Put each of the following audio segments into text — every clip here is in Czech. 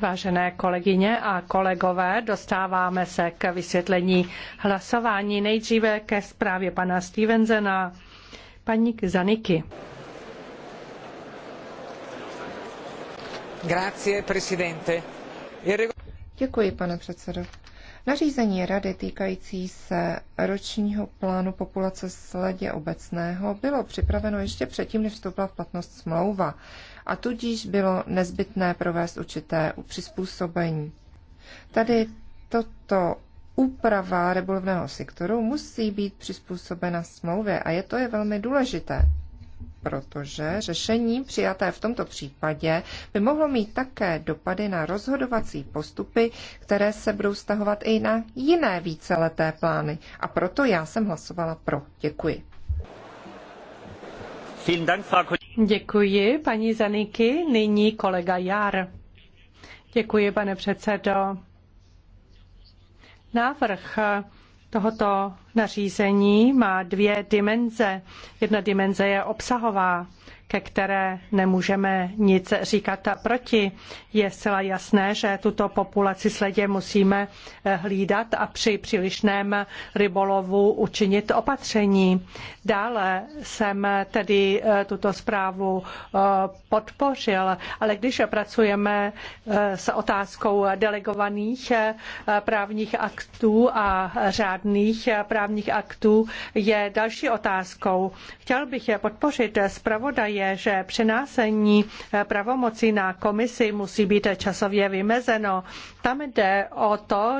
Vážené kolegyně a kolegové, dostáváme se k vysvětlení hlasování. Nejdříve ke zprávě pana Stevensena, paní Zaniky. Grazie, presidente. Děkuji, pane předsedo. Nařízení rady týkající se ročního plánu populace sledě obecného bylo připraveno ještě předtím, než vstoupila v platnost smlouva a tudíž bylo nezbytné provést určité přizpůsobení. Tady toto úprava rebolovného sektoru musí být přizpůsobena smlouvě a je to je velmi důležité protože řešení přijaté v tomto případě by mohlo mít také dopady na rozhodovací postupy, které se budou stahovat i na jiné víceleté plány. A proto já jsem hlasovala pro. Děkuji. Děkuji, paní Zaniky. Nyní kolega Jar. Děkuji, pane předsedo. Návrh tohoto nařízení má dvě dimenze. Jedna dimenze je obsahová ke které nemůžeme nic říkat proti. Je zcela jasné, že tuto populaci sledě musíme eh, hlídat a při přílišném rybolovu učinit opatření. Dále jsem tedy eh, tuto zprávu eh, podpořil, ale když pracujeme s otázkou delegovaných právních aktů a řádných právních aktů, je další otázkou. Chtěl bych podpořit zpravodaje je, že přenášení eh, pravomocí na komisi musí být časově vymezeno. Tam jde o to,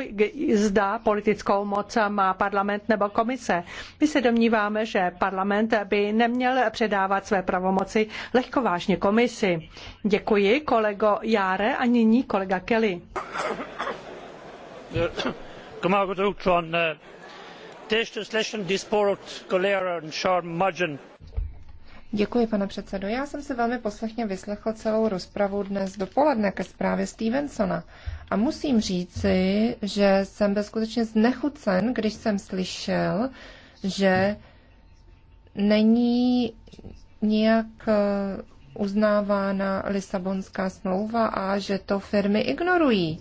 zda politickou moc má parlament nebo komise. My se domníváme, že parlament by neměl předávat své pravomoci lehkovážně komisi. Děkuji, kolego Járe a nyní kolega Kelly. Děkuji. Děkuji, pane předsedo. Já jsem se velmi poslechně vyslechl celou rozpravu dnes dopoledne ke zprávě Stevensona. A musím říci, že jsem byl skutečně znechucen, když jsem slyšel, že není nijak eh, uznávána Lisabonská smlouva a že to firmy ignorují.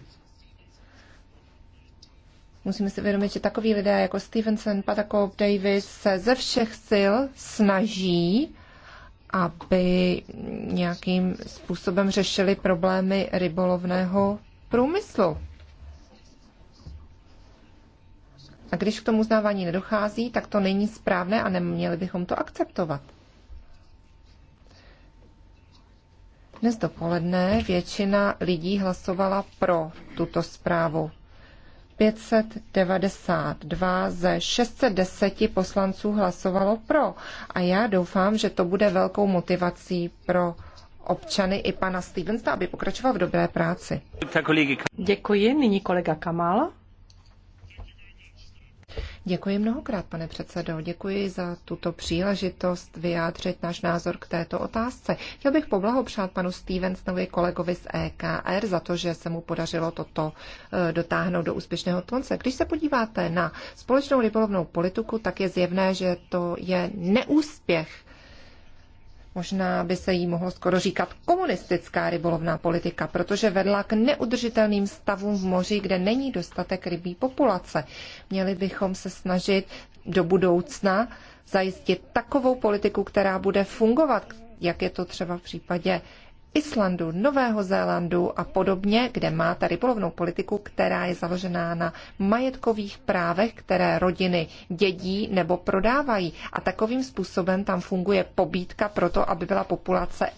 Musíme si vědomit, že takový lidé jako Stevenson, Patakov, Davis se ze všech sil snaží aby nějakým způsobem řešili problémy rybolovného průmyslu. A když k tomu uznávání nedochází, tak to není správné a neměli bychom to akceptovat. Dnes dopoledne většina lidí hlasovala pro tuto zprávu. 592 ze 610 poslanců hlasovalo pro. A já doufám, že to bude velkou motivací pro občany i pana Stevensa, aby pokračoval v dobré práci. Děkuji. Nyní kolega Kamal. Děkuji mnohokrát, pane předsedo. Děkuji za tuto příležitost vyjádřit náš názor k této otázce. Chtěl bych poblahopřát panu Stevensonovi kolegovi z EKR za to, že se mu podařilo toto eh, dotáhnout do úspěšného konce. Když se podíváte na společnou rybolovnou politiku, tak je zjevné, že to je neúspěch Možná by se jí mohlo skoro říkat komunistická rybolovná politika, protože vedla k neudržitelným stavům v moři, kde není dostatek rybí populace. Měli bychom se snažit do budoucna zajistit takovou politiku, která bude fungovat, jak je to třeba v případě Islandu, Nového Zélandu a podobně, kde má tady polovnou politiku, která je založená na majetkových právech, které rodiny dědí nebo prodávají. A takovým způsobem tam funguje pobídka pro to, aby byla populace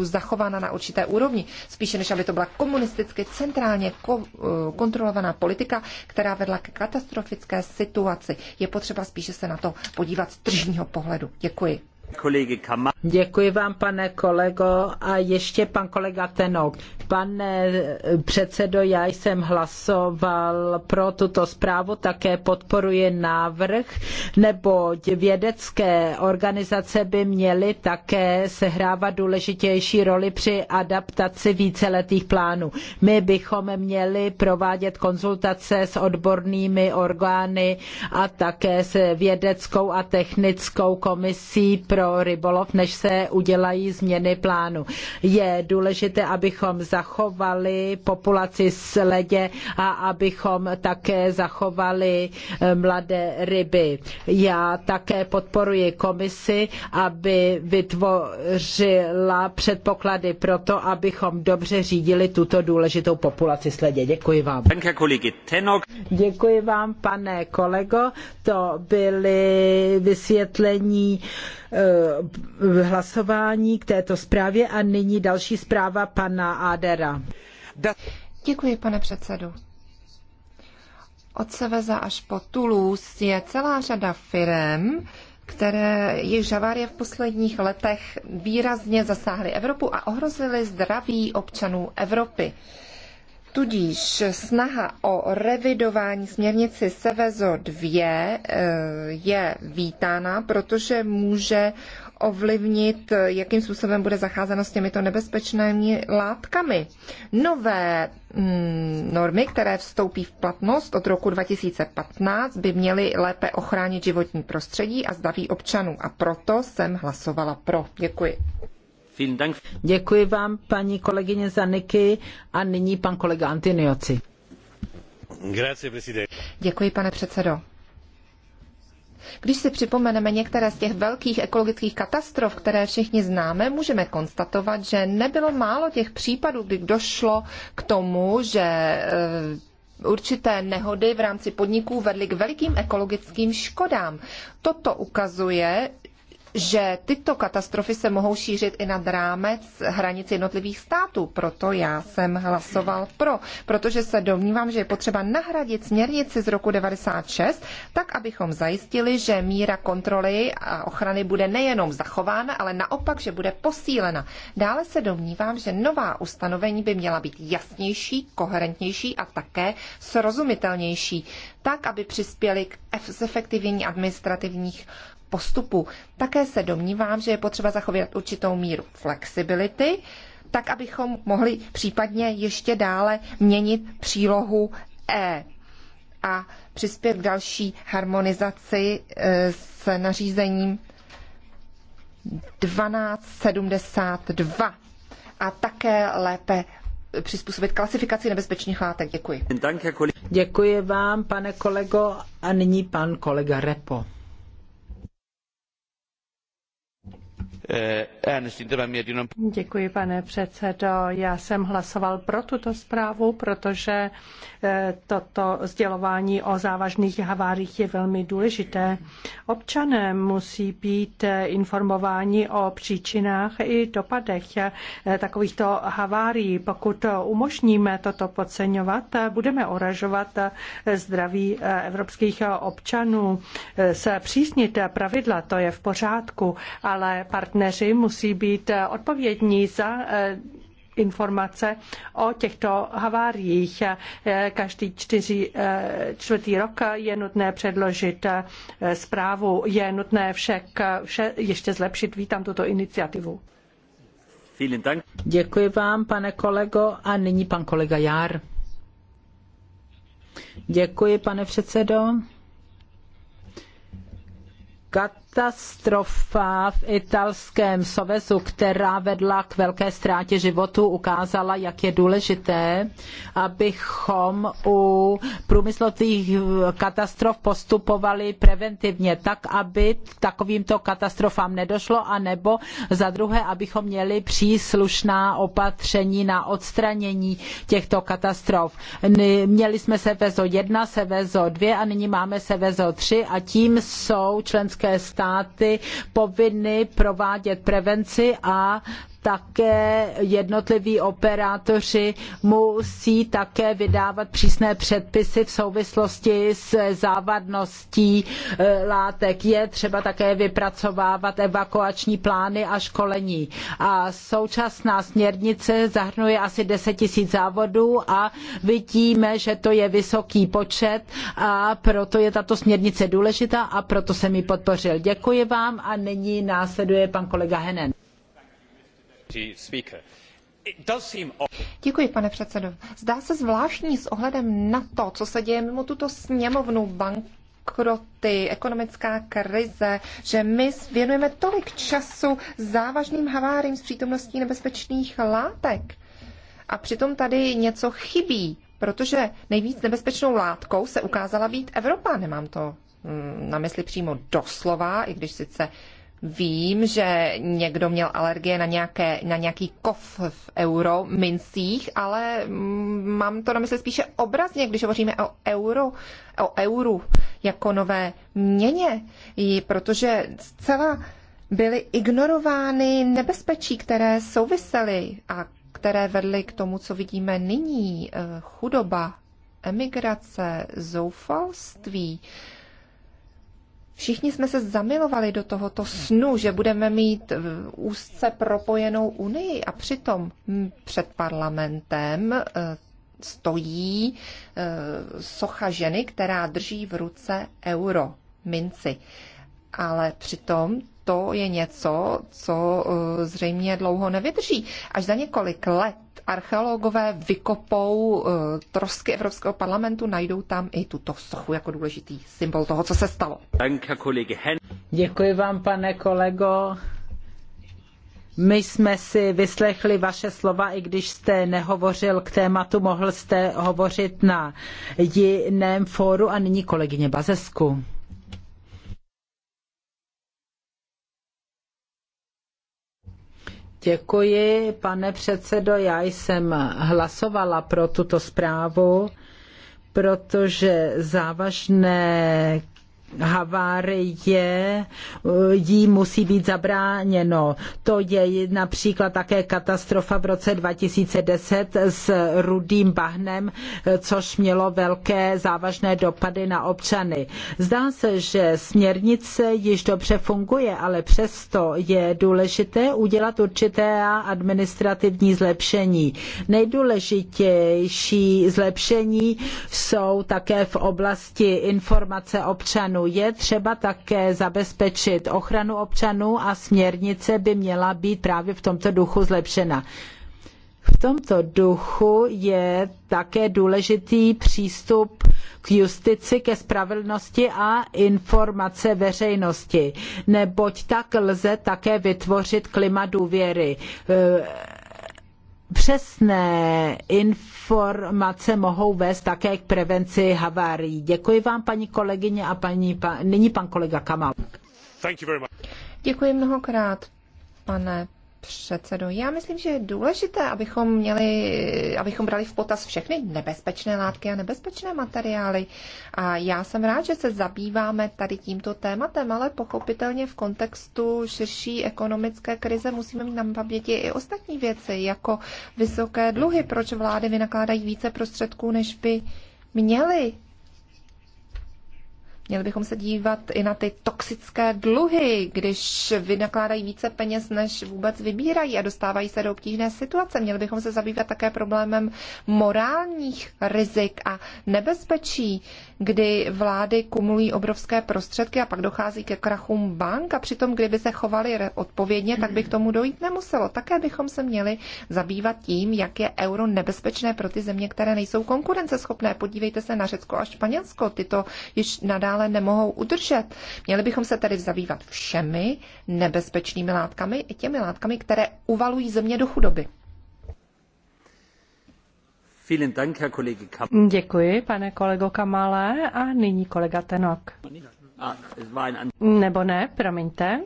zachována na určité úrovni, spíše než aby to byla komunisticky centrálně ko- eh, kontrolovaná politika, která vedla k katastrofické situaci. Je potřeba spíše se na to podívat z tržního pohledu. Děkuji. Děkuji vám, pane kolego. A ještě pan kolega Tenok. Pane eh, předsedo, já jsem hlasoval pro tuto zprávu, také podporuji návrh, neboť vědecké organizace by měly také sehrávat důležitější roli při adaptaci víceletých plánů. My bychom měli provádět konzultace s odbornými orgány a také s vědeckou a technickou komisí pro pro rybolov, než se udělají změny plánu. Je důležité, abychom zachovali populaci sledě a abychom také zachovali eh, mladé ryby. Já také podporuji komisi, aby vytvořila předpoklady pro to, abychom dobře řídili tuto důležitou populaci sledě. Děkuji vám. Děkuji vám, pane kolego. To byly vysvětlení Eh, hlasování k této zprávě a nyní další zpráva pana Adera. Děkuji, pane předsedu. Od Seveza až po Toulouse je celá řada firm, které jejich žavárie v posledních letech výrazně zasáhly Evropu a ohrozily zdraví občanů Evropy. Tudíž snaha o revidování směrnici Sevezo 2 eh, je vítána, protože může ovlivnit, eh, jakým způsobem bude zacházeno s těmito nebezpečnými látkami. Nové mm, normy, které vstoupí v platnost od roku 2015, by měly lépe ochránit životní prostředí a zdraví občanů. A proto jsem hlasovala pro. Děkuji. Děkuji vám, paní kolegyně Zaniky, a nyní pan kolega Antinioci. Děkuji, pane předsedo. Když si připomeneme některé z těch velkých ekologických katastrof, které všichni známe, můžeme konstatovat, že nebylo málo těch případů, kdy došlo k tomu, že eh, určité nehody v rámci podniků vedly k velikým ekologickým škodám. Toto ukazuje, že tyto katastrofy se mohou šířit i nad rámec hranic jednotlivých států. Proto já jsem hlasoval pro, protože se domnívám, že je potřeba nahradit směrnici z roku 96, tak abychom zajistili, že míra kontroly a ochrany bude nejenom zachována, ale naopak, že bude posílena. Dále se domnívám, že nová ustanovení by měla být jasnější, koherentnější a také srozumitelnější, tak aby přispěli k zefektivnění administrativních postupů. Také se domnívám, že je potřeba zachovat určitou míru flexibility, tak abychom mohli případně ještě dále měnit přílohu E a přispět k další harmonizaci e, s nařízením 1272 a také lépe přizpůsobit klasifikaci nebezpečných látek. Děkuji. Děkuji vám, pane kolego, a nyní pan kolega Repo. äänestin eh, tämän mietinnön. Děkuji, pane předsedo. Já jsem hlasoval pro tuto zprávu, protože eh, toto sdělování o závažných haváriích je velmi důležité. Občané musí být eh, informováni o příčinách i dopadech takovýchto havárií. Pokud umožníme toto podceňovat, budeme oražovat zdraví evropských občanů. Zpřísnit pravidla, to je v pořádku, ale part partneři musí být eh, odpovědní za eh, informace o těchto haváriích. Eh, každý čtyři, čtvrtý rok je nutné předložit zprávu. Je nutné však vše ještě zlepšit. Vítám tuto iniciativu. Děkuji vám, pane kolego. A nyní pan kolega Jár. Děkuji, pane předsedo. Kat katastrofa v italském Sovezu, která vedla k velké ztrátě životů, ukázala, jak je důležité, abychom u průmyslových katastrof postupovali preventivně, tak, aby k takovýmto katastrofám nedošlo, anebo za druhé, abychom měli příslušná opatření na odstranění těchto katastrof. Měli jsme Sevezo 1, Sevezo 2 a nyní máme Sevezo 3 a tím jsou členské státy státy povinny provádět prevenci a také jednotliví operátoři musí také vydávat přísné předpisy v souvislosti s závadností e, látek. Je třeba také vypracovávat evakuační plány a školení. A současná směrnice zahrnuje asi 10 tisíc závodů a vidíme, že to je vysoký počet a proto je tato směrnice důležitá a proto jsem ji podpořil. Děkuji vám a nyní následuje pan kolega Henen pane předsedo. Zdá se zvláštní s ohledem na to, co se děje mimo tuto sněmovnu bank bankroty, ekonomická krize, že my věnujeme tolik času závažným haváriím s přítomností nebezpečných látek. A přitom tady něco chybí, protože nejvíc nebezpečnou látkou se ukázala být Evropa. Nemám to hm, na mysli přímo doslova, i když sice Vím, že někdo měl alergie na, nějaké, na nějaký kov v euro mincích, ale mm, mám to na mysli spíše obrazně, když hovoříme o euro, o euru jako nové měně, protože zcela byly ignorovány nebezpečí, které souvisely a které vedly k tomu, co vidíme nyní, eh, chudoba, emigrace, zoufalství. Všichni jsme se zamilovali do tohoto snu, že budeme mít eh, úzce propojenou unii a přitom před parlamentem eh, stojí eh, socha ženy, která drží v ruce euro, minci. Ale přitom to je něco, co zřejmě dlouho nevydrží. Až za několik let archeologové vykopou eh, trosky Evropského parlamentu, najdou tam i tuto sochu jako důležitý symbol toho, co se stalo. Děkuji vám, pane kolego. My jsme si vyslechli vaše slova, i když jste nehovořil k tématu, mohl jste hovořit na jiném fóru a nyní kolegyně Bazesku. Děkuji, pane předsedo. Já jsem hlasovala pro tuto zprávu, protože závažné havárie eh, jí musí být zabráněno. To je například také katastrofa v roce 2010 s rudým bahnem, eh, což mělo velké závažné dopady na občany. Zdá se, že směrnice již dobře funguje, ale přesto je důležité udělat určité administrativní zlepšení. Nejdůležitější zlepšení jsou také v oblasti informace občanů občanů. Je třeba také zabezpečit ochranu občanů a směrnice by měla být právě v tomto duchu zlepšena. V tomto duchu je také důležitý přístup k justici, ke spravedlnosti a informace veřejnosti, neboť tak lze také vytvořit klima důvěry přesné informace mohou vést také k prevenci havárií. Děkuji vám, paní kolegyně, a paní, pa, nyní pan kolega Kamal. Děkuji mnohokrát, pane předsedo. Já myslím, že je důležité, abychom, měli, abychom brali v potaz všechny nebezpečné látky a nebezpečné materiály. A já jsem rád, že se zabýváme tady tímto tématem, ale pochopitelně v kontextu širší ekonomické krize musíme mít na paměti i ostatní věci, jako vysoké dluhy, proč vlády vynakládají více prostředků, než by měly Měli bychom se dívat i na ty toxické dluhy, když vynakládají více peněz, než vůbec vybírají a dostávají se do obtížné situace. Měli bychom se zabývat také problémem morálních rizik a nebezpečí, kdy vlády kumulují obrovské prostředky a pak dochází ke krachům bank a přitom, kdyby se chovali odpovědně, tak by k tomu dojít nemuselo. Také bychom se měli zabývat tím, jak je euro nebezpečné pro ty země, které nejsou konkurenceschopné. Podívejte se na Řecko a Španělsko. Tyto již nadále dále nemohou udržet. Měli bychom se tedy zabývat všemi nebezpečnými látkami i těmi látkami, které uvalují země do chudoby. Děkuji, pane kolego Kamale. A nyní kolega Tenok. Ah, Nebo ne, promiňte.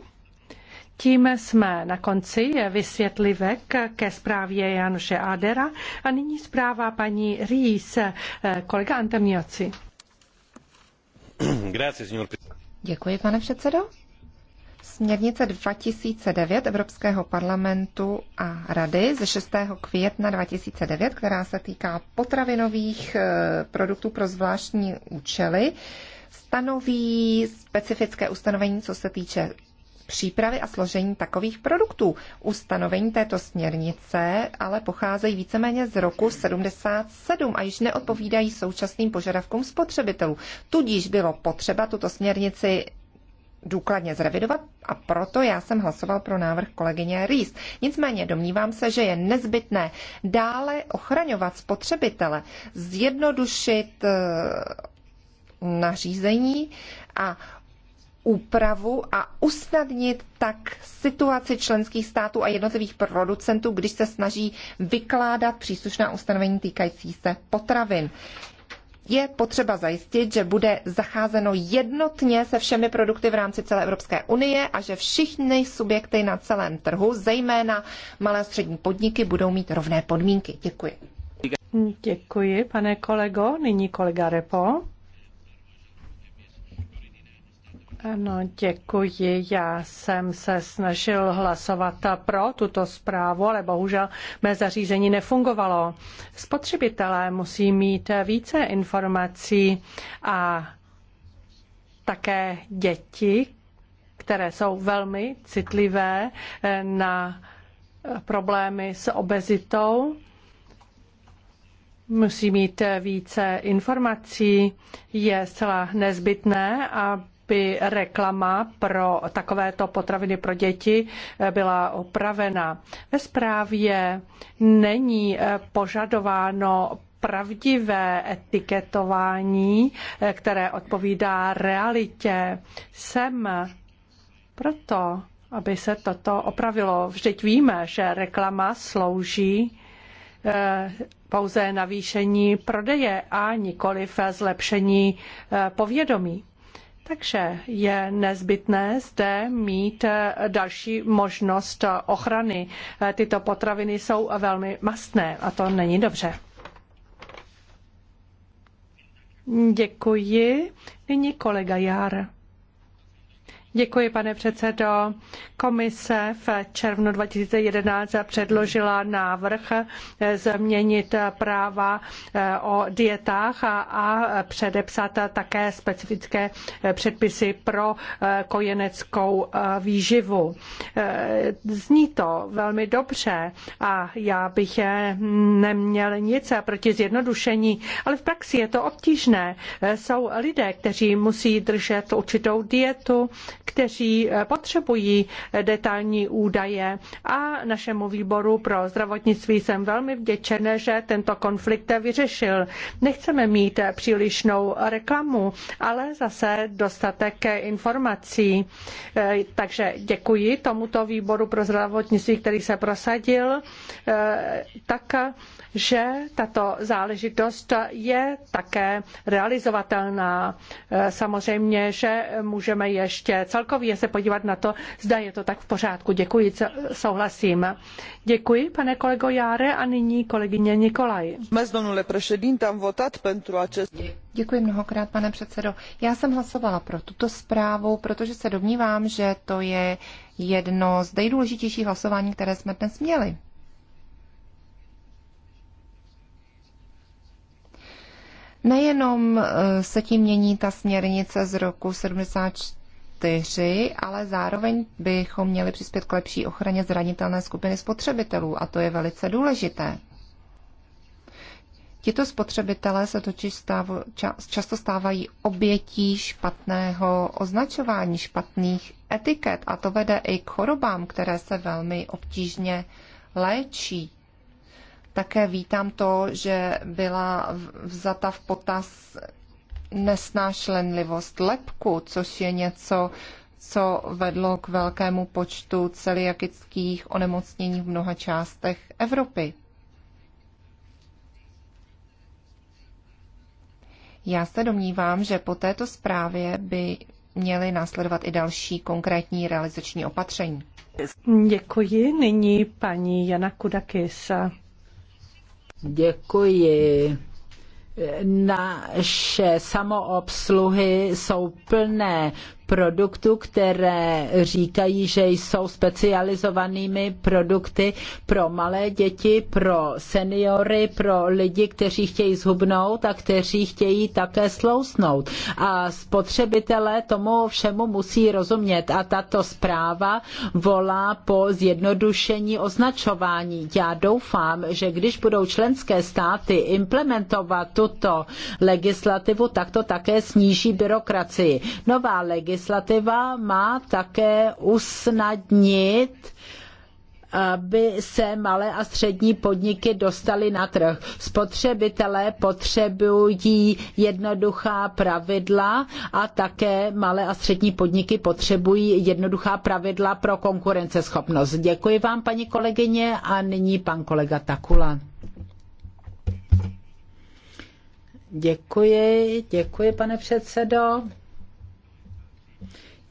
Tím jsme na konci vysvětlivek ke zprávě Januše Adera a nyní zpráva paní Ries, eh, kolega Antemioci. Děkuji, pane předsedo. Směrnice 2009 Evropského parlamentu a Rady ze 6. května 2009, která se týká potravinových eh, produktů pro zvláštní účely, stanoví specifické ustanovení, co se týče přípravy a složení takových produktů. Ustanovení této směrnice ale pocházejí víceméně z roku 77 a již neodpovídají současným požadavkům spotřebitelů. Tudíž bylo potřeba tuto směrnici důkladně zrevidovat a proto já jsem hlasoval pro návrh kolegyně Rýs. Nicméně domnívám se, že je nezbytné dále ochraňovat spotřebitele, zjednodušit eh, nařízení a úpravu a usnadnit tak situaci členských států a jednotlivých producentů, když se snaží vykládat příslušná ustanovení týkající se potravin. Je potřeba zajistit, že bude zacházeno jednotně se všemi produkty v rámci celé Evropské unie a že všichni subjekty na celém trhu, zejména malé a střední podniky, budou mít rovné podmínky. Děkuji. Děkuji, pane kolego. Nyní kolega Repo. Ano, děkuji. Já jsem se snažil hlasovat pro tuto zprávu, ale bohužel mé zařízení nefungovalo. Spotřebitelé musí mít více informací a také děti, které jsou velmi citlivé eh, na problémy s obezitou, musí mít více informací. Je zcela nezbytné, aby by reklama pro takovéto potraviny pro děti eh, byla opravena. Ve zprávě není eh, požadováno pravdivé etiketování, eh, které odpovídá realitě. Jsem proto, aby se toto opravilo. Vždyť víme, že reklama slouží pouze navýšení prodeje a nikoli zlepšení povědomí. Takže je nezbytné zde mít eh, další možnost eh, ochrany. Eh, tyto potraviny jsou velmi mastné a to není dobře. Děkuji. Nyní kolega Jár. Děkuji, pane předsedo. Komise v červnu 2011 předložila návrh změnit práva eh, o dietách a předepsat také specifické eh, předpisy pro eh, kojeneckou výživu. Zní to velmi dobře a já bych neměl nic proti zjednodušení, ale v praxi je to obtížné. Jsou lidé, kteří musí držet určitou dietu, kteří eh, potřebují eh, detailní údaje a našemu výboru pro zdravotnictví jsem velmi vděčen, že tento konflikt vyřešil. Nechceme mít eh, přílišnou reklamu, ale zase dostatek informací. Takže děkuji tomuto výboru pro zdravotnictví, který se prosadil, tak že tato záležitost je také realizovatelná. Samozřejmě, že můžeme ještě celkově se podívat na to, zda je to tak v pořádku. Děkuji, souhlasím. Děkuji, pane kolego Járe, a nyní kolegyně Nikolaj. Děkuji mnohokrát, pane předsedo. Já jsem hlasovala pro tuto zprávu, protože se domnívám, že to je jedno z nejdůležitějších hlasování, které jsme dnes měli. Nejenom eh, se tím mění ta směrnice z roku 74, 4, ale zároveň bychom měli přispět k lepší ochraně zranitelné skupiny spotřebitelů a to je velice důležité. Tito spotřebitelé se totiž stáv, často stávají obětí špatného označování, špatných etiket a to vede i k chorobám, které se velmi obtížně léčí. Také vítám to, že byla vzata v potaz nesnášlenlivost lepku, což je něco, co vedlo k velkému počtu celiakických onemocnění v mnoha částech Evropy. Já se domnívám, že po této zprávě by měly následovat i další konkrétní realizační opatření. Děkuji. Nyní paní Jana Kudakis. Děkuji naše samoobsluhy jsou plné produktů, které říkají, že jsou specializovanými produkty pro malé děti, pro seniory, pro lidi, kteří chtějí zhubnout a kteří chtějí také slousnout. A spotřebitelé tomu všemu musí rozumět. A tato zpráva volá po zjednodušení označování. Já doufám, že když budou členské státy implementovat tuto legislativu, tak to také sníží byrokracii. Nová legislativa legislativa má také usnadnit aby se malé a střední podniky dostaly na trh. Spotřebitelé potřebují jednoduchá pravidla a také malé a střední podniky potřebují jednoduchá pravidla pro konkurenceschopnost. Děkuji vám, paní kolegyně, a nyní pan kolega Takula. Děkuji, děkuji, pane předsedo.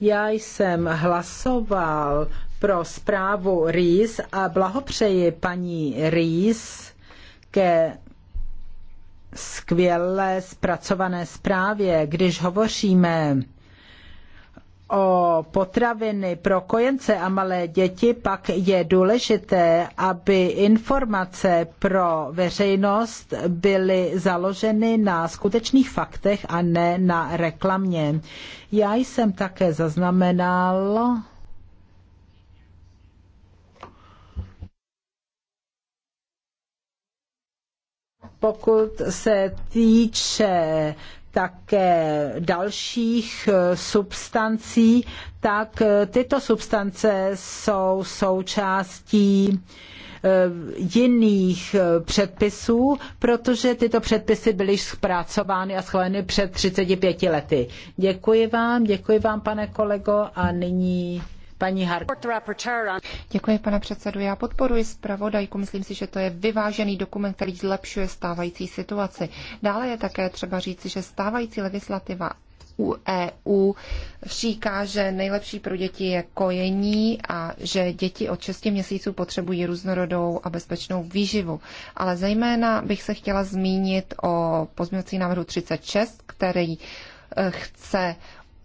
Já jsem hlasoval pro zprávu Rýs a blahopřeji paní Rýs ke skvěle zpracované zprávě, když hovoříme o potraviny pro kojence a malé děti, pak je důležité, aby informace pro veřejnost byly založeny na skutečných faktech a ne na reklamě. Já jsem také zaznamenal pokud se týče také dalších eh, substancí, tak eh, tyto substance jsou součástí eh, jiných předpisů, protože tyto předpisy byly zpracovány a schváleny před 35 lety. Děkuji vám, děkuji vám, pane kolego, a nyní Paní Děkuji, pane předsedu. Já podporuji zpravodajku. Myslím si, že to je vyvážený dokument, který zlepšuje stávající situaci. Dále je také třeba říci, že stávající legislativa u EU říká, že nejlepší pro děti je kojení a že děti od 6 měsíců potřebují různorodou a bezpečnou výživu. Ale zejména bych se chtěla zmínit o pozměňovací návrhu 36, který eh, chce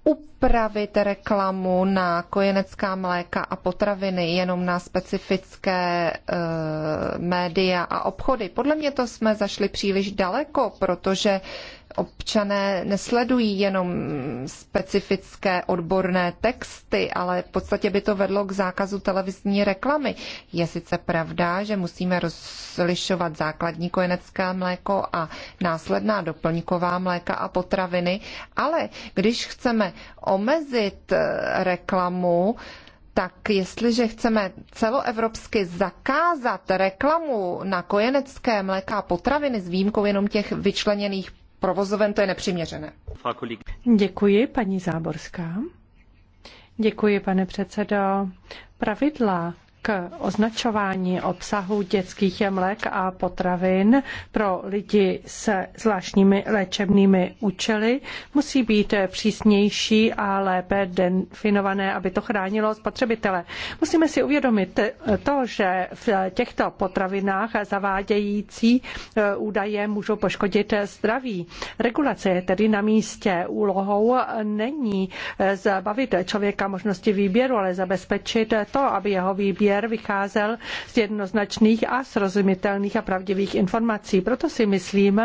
upravit reklamu na kojenecká mléka a potraviny jenom na specifické e, média a obchody. Podle mě to jsme zašli příliš daleko, protože občané nesledují jenom specifické odborné texty, ale v podstatě by to vedlo k zákazu televizní reklamy. Je sice pravda, že musíme rozlišovat základní kojenecké mléko a následná doplňková mléka a potraviny, ale když chceme omezit eh, reklamu, tak jestliže chceme celoevropsky zakázat reklamu na kojenecké mléka a potraviny s výjimkou jenom těch vyčleněných provozoven, to je nepřiměřené. Děkuji, paní Záborská. Děkuji, pane předsedo. Pravidla k označování obsahu dětských jemlek a potravin pro lidi se zvláštními léčebnými účely musí být přísnější a lépe definované, aby to chránilo spotřebitele. Musíme si uvědomit to, že v těchto potravinách zavádějící e, údaje můžou poškodit zdraví. Regulace je tedy na místě. Úlohou není e, zbavit člověka možnosti výběru, ale zabezpečit to, aby jeho výběr sběr vycházel z jednoznačných a srozumitelných a pravdivých informací. Proto si myslím,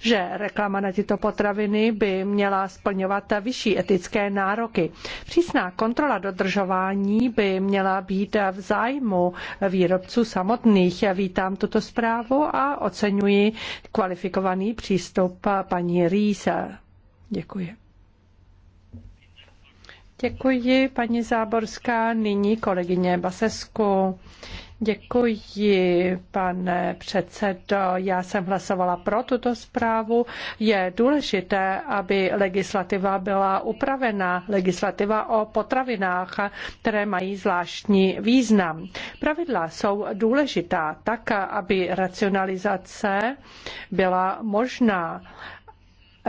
že reklama na tyto potraviny by měla splňovat vyšší etické nároky. Přísná kontrola dodržování by měla být v zájmu výrobců samotných. Vítám tuto zprávu a oceňuji kvalifikovaný přístup paní Rýse. Děkuji. Děkuji, paní Záborská. Nyní kolegyně Basesku. Děkuji, pane předsedo. Já jsem hlasovala pro tuto zprávu. Je důležité, aby legislativa byla upravena, legislativa o potravinách, které mají zvláštní význam. Pravidla jsou důležitá tak, aby racionalizace byla možná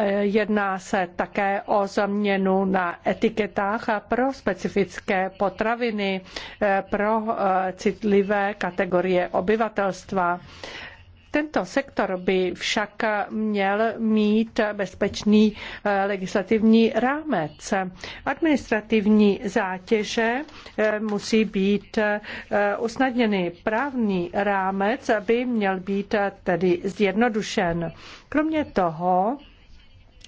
Eh, jedná se také o změnu na etiketách pro specifické potraviny eh, pro eh, citlivé kategorie obyvatelstva. Tento sektor by však měl mít bezpečný legislativní rámec. Administrativní zátěže musí být usnadněny. Právní rámec by měl být tedy zjednodušen. Kromě toho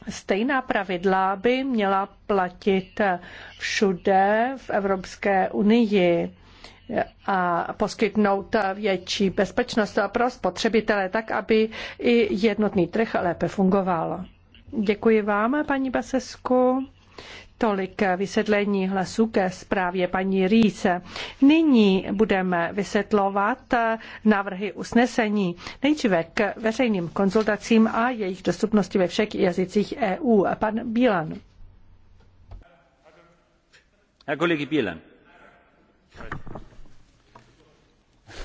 Stejná pravidla by měla platit všude v Evropské unii a poskytnout větší bezpečnost pro spotřebitele, tak aby i jednotný trh lépe fungoval. Děkuji vám, paní Basesku. Tolik vysvětlení hlasu ke zprávě paní Rýse. Nyní budeme vysvětlovat návrhy usnesení. Nejdříve k veřejným konzultacím a jejich dostupnosti ve všech jazycích EU. Pan Bílan. Herr Kollege Bielan.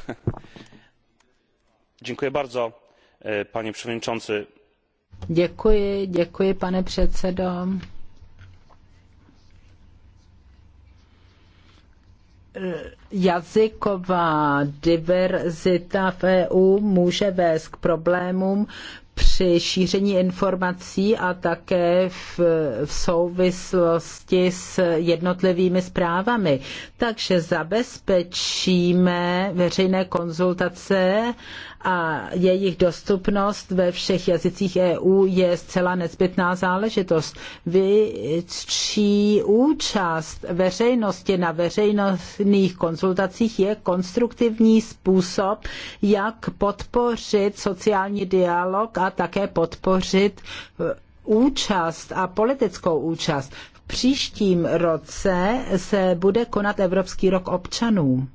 Děkuji bardzo, e, panie przewodniczący. Děkuji, děkuji, pane předsedo. jazyková diverzita v EU může vést k problémům při šíření informací a také v, v souvislosti s jednotlivými zprávami. Takže zabezpečíme veřejné konzultace a jejich dostupnost ve všech jazycích EU je zcela nezbytná záležitost. Větší účast veřejnosti na veřejných konzultacích je konstruktivní způsob, jak podpořit sociální dialog a také podpořit e, účast a politickou účast. V příštím roce se bude konat Evropský rok občanů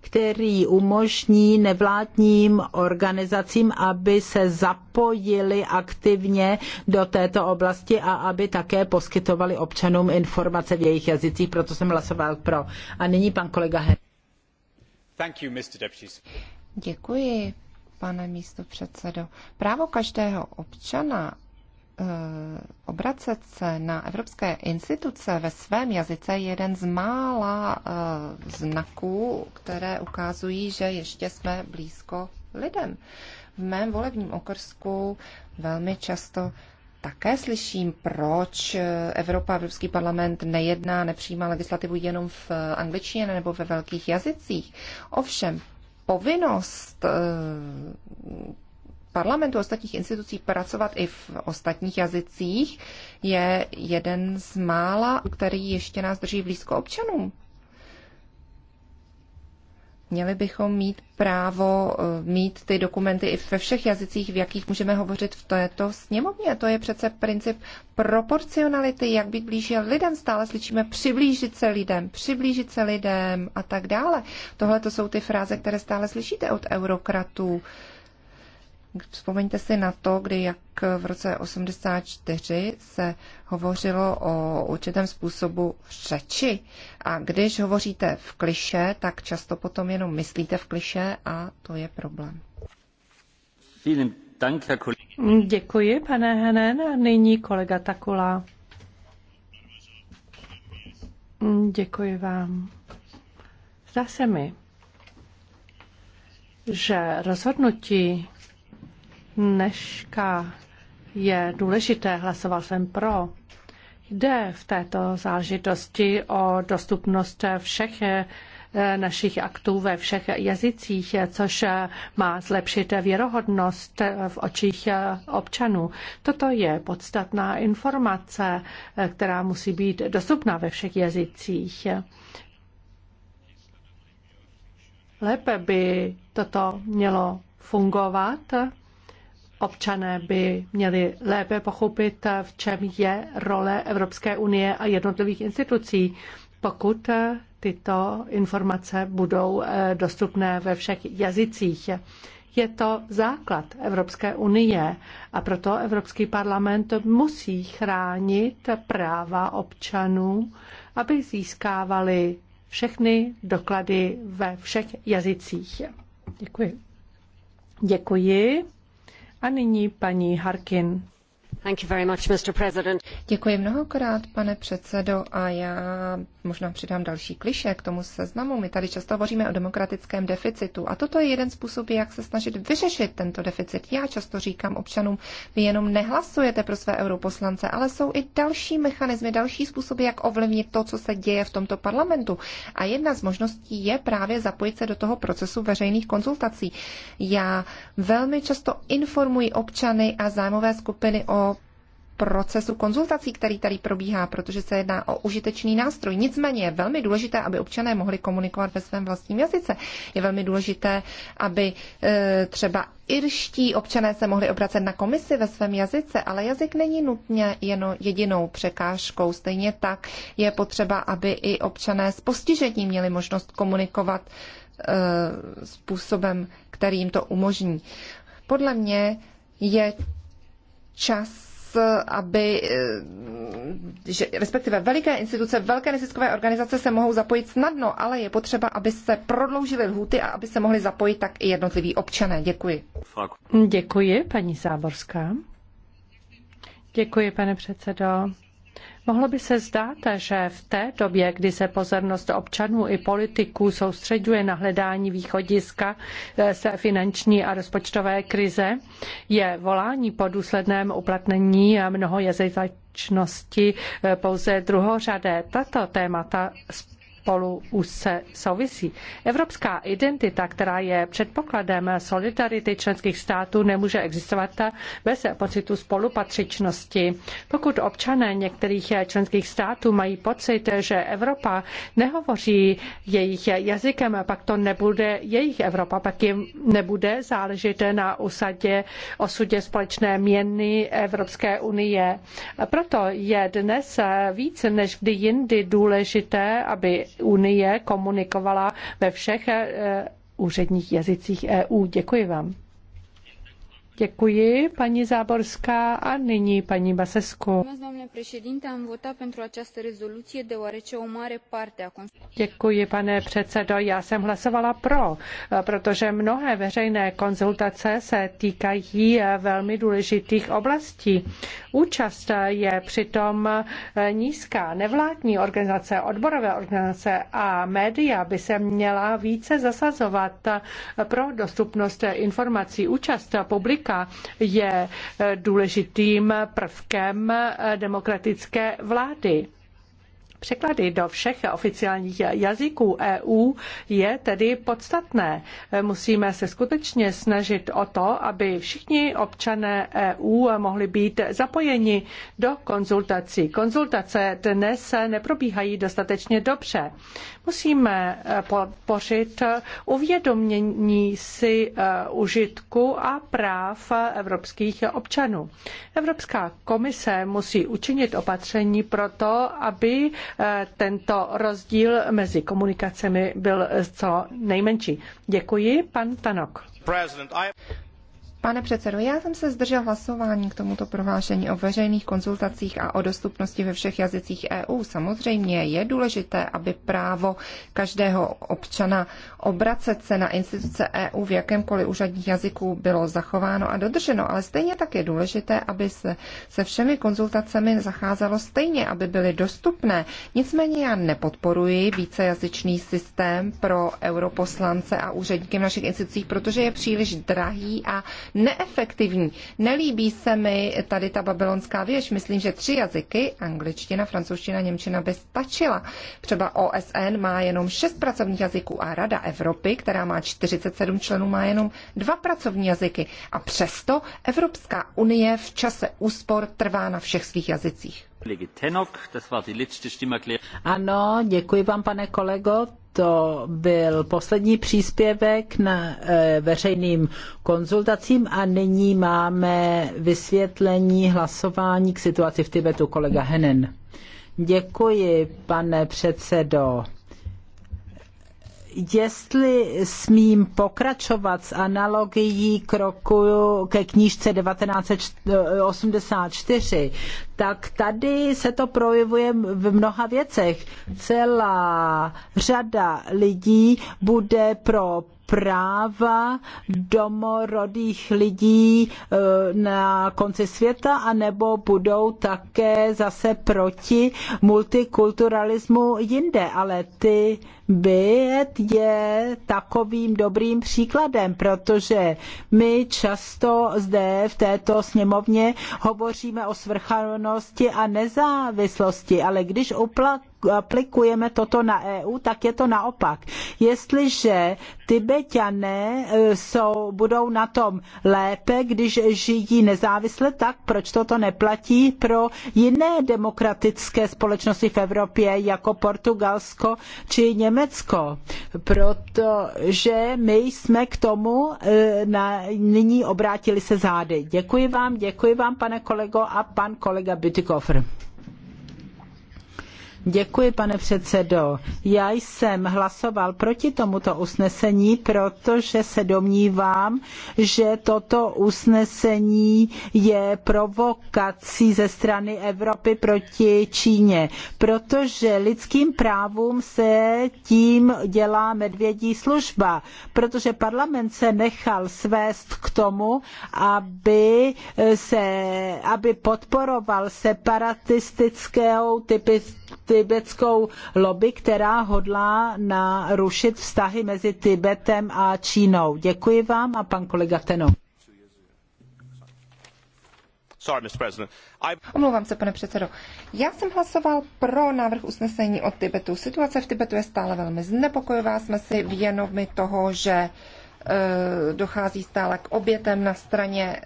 který umožní nevládním organizacím, aby se zapojili aktivně do této oblasti a aby také poskytovali občanům informace v jejich jazycích. Proto jsem hlasoval pro. A nyní pan kolega Her. Děkuji, pane místo předsedo. Právo každého občana Eh, obracet se na evropské instituce ve svém jazyce je jeden z mála eh, znaků, které ukazují, že ještě jsme blízko lidem. V mém volebním okrsku velmi často také slyším, proč eh, Evropa, Evropský parlament nejedná, nepřijímá legislativu jenom v angličtině nebo ve velkých jazycích. Ovšem, povinnost parlamentu ostatních institucí pracovat i v ostatních jazycích, je jeden z mála, který ještě nás drží blízko občanům. Měli bychom mít právo eh, mít ty dokumenty i ve všech jazycích, v jakých můžeme hovořit v této sněmovně. To je přece princip proporcionality, jak být blíže lidem. Stále slyšíme přiblížit se lidem, přiblížit se lidem a tak dále. Tohle to jsou ty fráze, které stále slyšíte od eurokratů. Vzpomeňte si na to, kdy jak v roce 84 se hovořilo o určitém způsobu řeči. A když hovoříte v kliše, tak často potom jenom myslíte v kliše a to je problém. Děkuji, pane Henen. A nyní kolega Takula. Děkuji vám. Zdá se mi, že rozhodnutí dneška je důležité, hlasoval jsem pro. Jde v této záležitosti o dostupnost všech eh, našich aktů ve všech jazycích, což eh, má zlepšit věrohodnost eh, v očích občanů. Toto je podstatná informace, která musí být dostupná ve všech jazycích. Lépe by toto mělo fungovat Občané by měli lépe pochopit, v čem je role Evropské unie a jednotlivých institucí, pokud tyto informace budou eh, dostupné ve všech jazycích. Je to základ Evropské unie a proto Evropský parlament musí chránit práva občanů, aby získávali všechny doklady ve všech jazycích. Děkuji. Děkuji. A nyní paní Harkin. Děkuji mnohokrát, pane předsedo, a já možná přidám další kliše k tomu seznamu. My tady často hovoříme o demokratickém deficitu a toto je jeden způsob, jak se snažit vyřešit tento deficit. Já často říkám občanům, vy jenom nehlasujete pro své europoslance, ale jsou i další mechanismy, další způsoby, jak ovlivnit to, co se děje v tomto parlamentu. A jedna z možností je právě zapojit se do toho procesu veřejných konzultací. Já velmi často informuji občany a zájmové skupiny o procesu konzultací, který tady probíhá, protože se jedná o užitečný nástroj. Nicméně je velmi důležité, aby občané mohli komunikovat ve svém vlastním jazyce. Je velmi důležité, aby e, třeba irští občané se mohli obracet na komisi ve svém jazyce, ale jazyk není nutně jen jedinou překážkou. Stejně tak je potřeba, aby i občané s postižením měli možnost komunikovat e, způsobem, který jim to umožní. Podle mě je čas Eh, aby, eh, že, respektive veliké instituce, velké neziskové organizace se mohou zapojit snadno, ale je potřeba, aby se prodloužily lhuty a aby se mohli zapojit tak i jednotliví občané. Děkuji. Děkuji, paní Záborská. Děkuji, pane předsedo. Mohlo by se zdát, že v té době, kdy se pozornost občanů i politiků soustředuje na hledání východiska z eh, finanční a rozpočtové krize, je volání po důsledném uplatnění mnoho jazyčnosti eh, pouze druhořadé. Tato témata spolu úzce souvisí. Evropská identita, která je předpokladem solidarity členských států, nemůže existovat bez pocitu spolupatřičnosti. Pokud občané některých členských států mají pocit, že Evropa nehovoří jejich jazykem, pak to nebude jejich Evropa, pak jim nebude záležet na usadě, osudě společné měny Evropské unie. Proto je dnes více než kdy jindy důležité, aby unie komunikovala ve všech eh, úředních jazycích EU. Děkuji vám. Děkuji, paní Záborská a nyní paní Basescu. Děkuji, pane předsedo. Já jsem hlasovala pro, eh, protože mnohé veřejné konzultace se týkají eh, velmi důležitých oblastí. Účast je přitom eh, nízká. Nevládní organizace, odborové organizace a média by se měla více zasazovat eh, pro dostupnost informací. Účast publika je eh, důležitým prvkem demokratické vlády. Překlady do všech oficiálních jazyků EU je tedy podstatné. Musíme se skutečně snažit o to, aby všichni občané EU mohli být zapojeni do konzultací. Konzultace dnes neprobíhají dostatečně dobře. Musíme podpořit uvědomění si e, užitku a práv evropských občanů. Evropská komise musí učinit opatření pro to, aby Eh, tento rozdíl mezi komunikacemi byl co nejmenší. Děkuji, pan Tanok. Pane předsedo, já jsem se zdržel hlasování k tomuto prohlášení o veřejných konzultacích a o dostupnosti ve všech jazycích EU. Samozřejmě je důležité, aby právo každého občana obracet se na instituce EU v jakémkoliv úřadních jazyku bylo zachováno a dodrženo, ale stejně tak je důležité, aby se se všemi konzultacemi zacházelo stejně, aby byly dostupné. Nicméně já nepodporuji vícejazyčný systém pro europoslance a úředníky v našich institucích, protože je příliš drahý a neefektivní. Nelíbí se mi tady ta babylonská věž. Myslím, že tři jazyky, angličtina, francouzština, němčina, by stačila. Třeba OSN má jenom šest pracovních jazyků a Rada Evropy, která má 47 členů, má jenom dva pracovní jazyky. A přesto Evropská unie v čase úspor trvá na všech svých jazycích. Ano, děkuji vám, pane kolego. To byl poslední příspěvek na eh, veřejným konzultacím a nyní máme vysvětlení hlasování k situaci v Tibetu kolega Henen. Děkuji, pane předsedo jestli smím pokračovat s analogií kroku ke knížce 1984, tak tady se to projevuje v mnoha věcech. Celá řada lidí bude pro práva domorodých lidí eh, na konci světa, anebo budou také zase proti multikulturalismu jinde. Ale ty byt je takovým dobrým příkladem, protože my často zde v této sněmovně hovoříme o svrchanosti a nezávislosti, ale když uplat aplikujeme toto na EU, tak je to naopak. Jestliže Tibetané e, jsou, budou na tom lépe, když žijí nezávisle, tak proč toto neplatí pro jiné demokratické společnosti v Evropě, jako Portugalsko či Německo? Protože my jsme k tomu e, na, nyní obrátili se zády. Děkuji vám, děkuji vám, pane kolego, a pan kolega Bütikofer. Děkuji, pane předsedo. Já jsem hlasoval proti tomuto usnesení, protože se domnívám, že toto usnesení je provokací ze strany Evropy proti Číně, protože lidským právům se tím dělá medvědí služba, protože parlament se nechal svést k tomu, aby, se, aby podporoval separatistickou typy tibetskou lobby, která hodlá narušit vztahy mezi Tibetem a Čínou. Děkuji vám a pan kolega Teno. Omlouvám se, pane předsedo. Já jsem hlasoval pro návrh usnesení o Tibetu. Situace v Tibetu je stále velmi znepokojivá. Jsme si vědomi toho, že eh, dochází stále k obětem na straně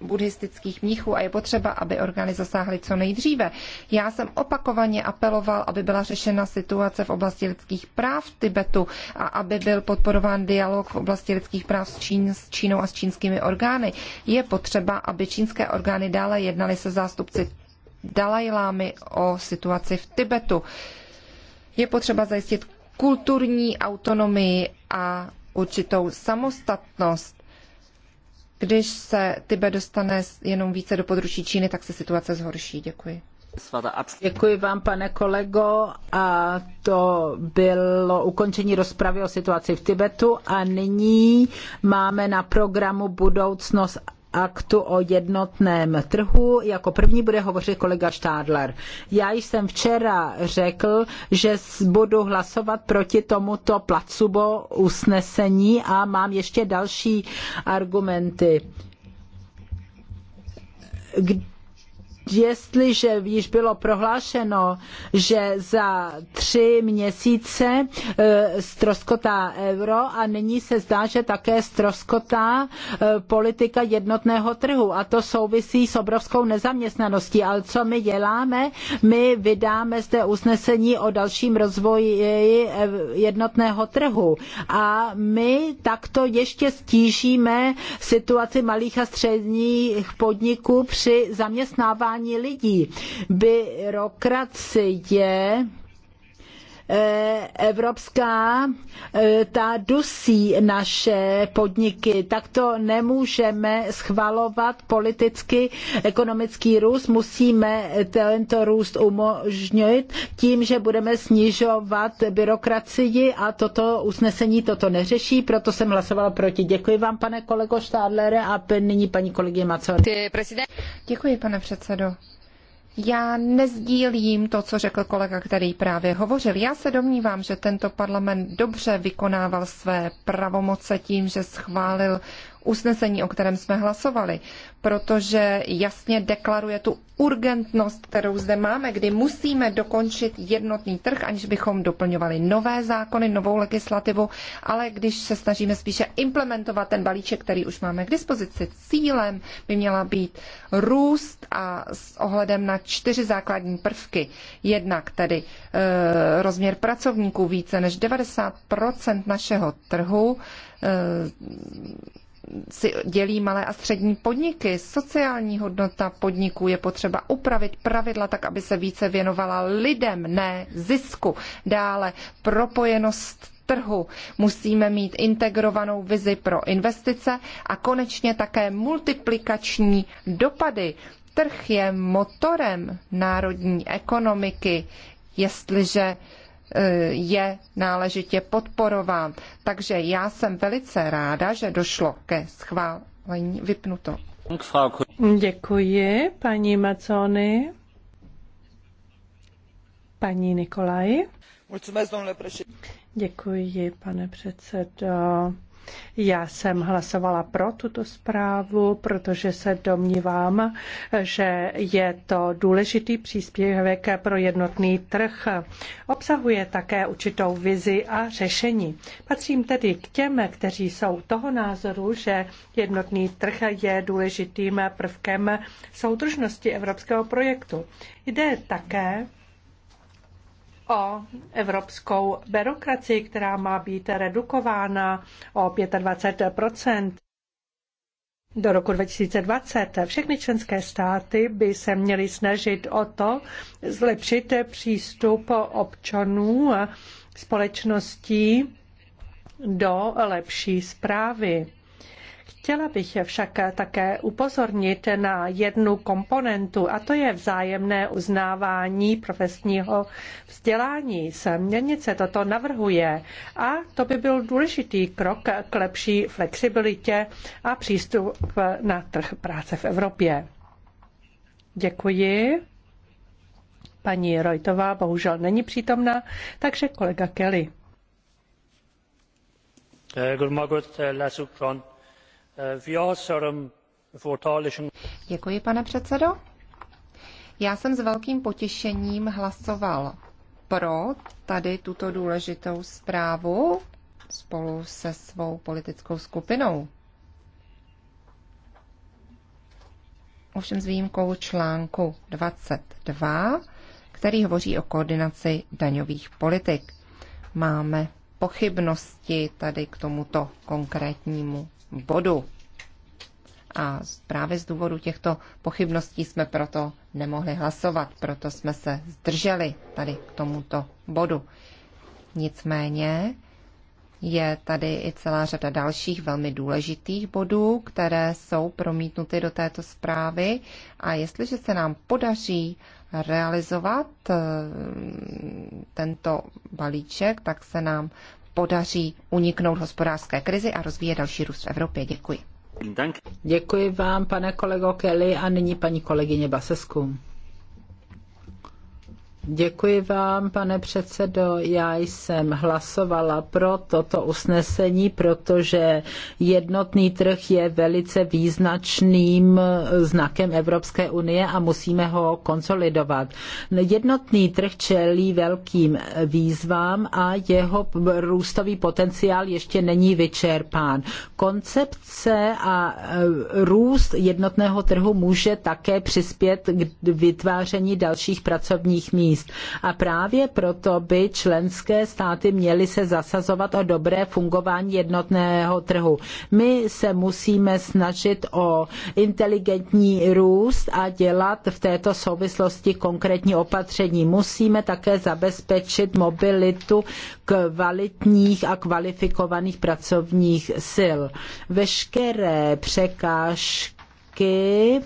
buddhistických mnichů a je potřeba, aby orgány zasáhly co nejdříve. Já jsem opakovaně apeloval, aby byla řešena situace v oblasti lidských práv v Tibetu a aby byl podporován dialog v oblasti lidských práv s, Čín, s Čínou a s čínskými orgány. Je potřeba, aby čínské orgány dále jednaly se zástupci Dalajlámy o situaci v Tibetu. Je potřeba zajistit kulturní autonomii a určitou samostatnost když se Tibet dostane jenom více do područí Číny, tak se situace zhorší. Děkuji. Děkuji vám, pane kolego, a to bylo ukončení rozpravy o situaci v Tibetu a nyní máme na programu budoucnost aktu o jednotném trhu. Jako první bude hovořit kolega Štádler. Já jsem včera řekl, že budu hlasovat proti tomuto placubo usnesení a mám ještě další argumenty. Kdy jestliže již bylo prohlášeno, že za tři měsíce stroskotá eh, euro a nyní se zdá, že také stroskotá eh, politika jednotného trhu a to souvisí s obrovskou nezaměstnaností. Ale co my děláme? My vydáme zde usnesení o dalším rozvoji eh, jednotného trhu a my takto ještě stížíme situaci malých a středních podniků při zaměstnávání chování lidí. Byrokracie Eh, evropská eh, ta dusí naše podniky. tak to nemůžeme schvalovat politicky ekonomický růst. Musíme tento růst umožnit tím, že budeme snižovat byrokracii a toto usnesení toto neřeší, proto jsem hlasovala proti. Děkuji vám, pane kolego Štádlere, a nyní paní kolegyně Macor. Děkuji, pane předsedo. Já nezdílím to, co řekl kolega, který právě hovořil. Já se domnívám, že tento parlament dobře vykonával své pravomoce tím, že schválil usnesení, o kterém jsme hlasovali, protože jasně deklaruje tu urgentnost, kterou zde máme, kdy musíme dokončit jednotný trh, aniž bychom doplňovali nové zákony, novou legislativu, ale když se snažíme spíše implementovat ten balíček, který už máme k dispozici, cílem by měla být růst a s ohledem na čtyři základní prvky. Jednak tedy e, rozměr pracovníků více než 90 našeho trhu e, si dělí malé a střední podniky. Sociální hodnota podniků je potřeba upravit pravidla tak, aby se více věnovala lidem, ne zisku. Dále propojenost trhu. Musíme mít integrovanou vizi pro investice a konečně také multiplikační dopady. Trh je motorem národní ekonomiky, jestliže Eh, je náležitě podporován. Takže já jsem velice ráda, že došlo ke schválení vypnuto. Děkuji, paní Macony. Paní Nikolaj. Děkuji, pane předsedo. Já jsem hlasovala pro tuto zprávu, protože se domnívám, že je to důležitý příspěvek pro jednotný trh. Obsahuje také určitou vizi a řešení. Patřím tedy k těm, kteří jsou toho názoru, že jednotný trh je důležitým prvkem soudržnosti evropského projektu. Jde také o evropskou byrokracii, která má být redukována o 25 do roku 2020 všechny členské státy by se měly snažit o to zlepšit přístup občanů společností do lepší zprávy. Chtěla bych však také upozornit na jednu komponentu, a to je vzájemné uznávání profesního vzdělání. Směrnice toto navrhuje a to by byl důležitý krok k lepší flexibilitě a přístup na trh práce v Evropě. Děkuji. Paní Rojtová bohužel není přítomna, takže kolega Kelly. Eh, Good morning, Eh, um, Děkuji, pane předsedo. Já jsem s velkým potěšením hlasoval pro tady tuto důležitou zprávu spolu se svou politickou skupinou. Ovšem s výjimkou článku 22, který hovoří o koordinaci daňových politik. Máme pochybnosti tady k tomuto konkrétnímu bodu. A právě z důvodu těchto pochybností jsme proto nemohli hlasovat, proto jsme se zdrželi tady k tomuto bodu. Nicméně je tady i celá řada dalších velmi důležitých bodů, které jsou promítnuty do této zprávy a jestliže se nám podaří realizovat eh, tento balíček, tak se nám podaří uniknout hospodářské krizi a rozvíjet další růst v Evropě. Děkuji. Děkuji vám, pane kolego Kelly, a nyní paní kolegyně Basesku. Děkuji vám, pane předsedo. Já jsem hlasovala pro toto usnesení, protože jednotný trh je velice význačným znakem Evropské unie a musíme ho konsolidovat. Jednotný trh čelí velkým výzvám a jeho růstový potenciál ještě není vyčerpán. Koncepce a růst jednotného trhu může také přispět k vytváření dalších pracovních míst míst. A právě proto by členské státy měly se zasazovat o dobré fungování jednotného trhu. My se musíme snažit o inteligentní růst a dělat v této souvislosti konkrétní opatření. Musíme také zabezpečit mobilitu kvalitních a kvalifikovaných pracovních sil. Veškeré překážky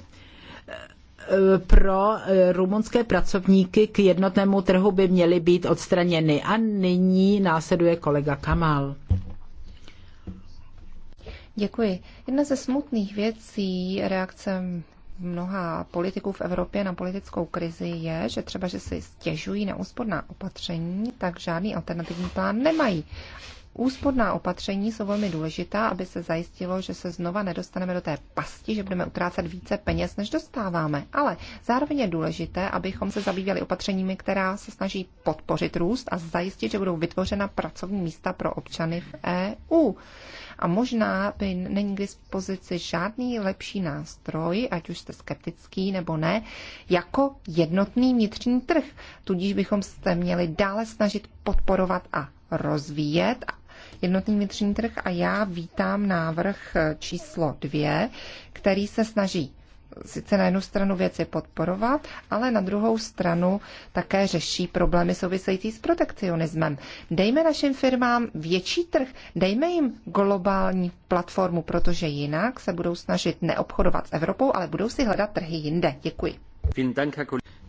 pro eh, rumunské pracovníky k jednotnému trhu by měly být odstraněny. A nyní následuje kolega Kamal. Děkuji. Jedna ze smutných věcí reakce mnoha politiků v Evropě na politickou krizi je, že třeba, že si stěžují na úsporná opatření, tak žádný alternativní plán nemají. Úsporná opatření jsou velmi důležitá, aby se zajistilo, že se znova nedostaneme do té pasti, že budeme utrácet více peněz, než dostáváme. Ale zároveň je důležité, abychom se zabývali opatřeními, která se snaží podpořit růst a zajistit, že budou vytvořena pracovní místa pro občany v EU. A možná by není k dispozici žádný lepší nástroj, ať už jste skeptický nebo ne, jako jednotný vnitřní trh. Tudíž bychom se měli dále snažit podporovat a rozvíjet a jednotný vnitřní trh a já vítám návrh eh, číslo dvě, který se snaží sice na jednu stranu věci podporovat, ale na druhou stranu také řeší problémy související s protekcionismem. Dejme našim firmám větší trh, dejme jim globální platformu, protože jinak se budou snažit neobchodovat s Evropou, ale budou si hledat trhy jinde. Děkuji.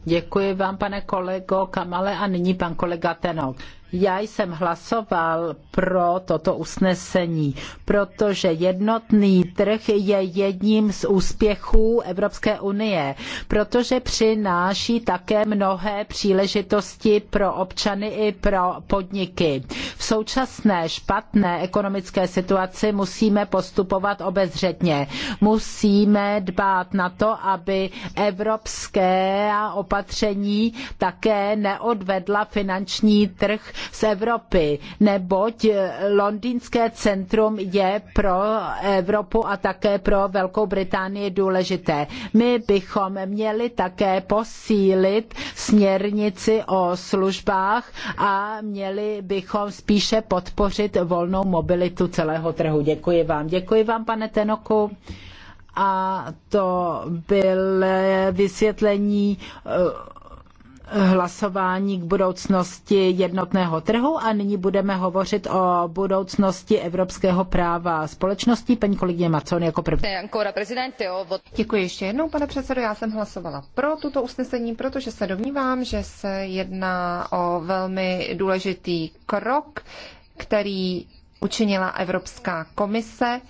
Děkuji vám, pane kolego Kamale, a nyní pan kolega Tenok. Já jsem hlasoval pro toto usnesení, protože jednotný trh je jedním z úspěchů Evropské unie, protože přináší také mnohé příležitosti pro občany i pro podniky. V současné špatné ekonomické situaci musíme postupovat obezřetně. Musíme dbát na to, aby evropské opatření také neodvedla finanční trh z Evropy, neboť eh, londýnské centrum je pro Evropu a také pro Velkou Británii důležité. My bychom měli také posílit směrnici o službách a měli bychom spíše podpořit volnou mobilitu celého trhu. Děkuji vám. Děkuji vám, pane Tenoku a to bylo vysvětlení eh, hlasování k budoucnosti jednotného trhu a nyní budeme hovořit o budoucnosti evropského práva společností. Paní kolegyně Macon jako první. Děkuji ještě jednou, pane předsedo. Já jsem hlasovala pro tuto usnesení, protože se domnívám, že se jedná o velmi důležitý krok, který učinila Evropská komise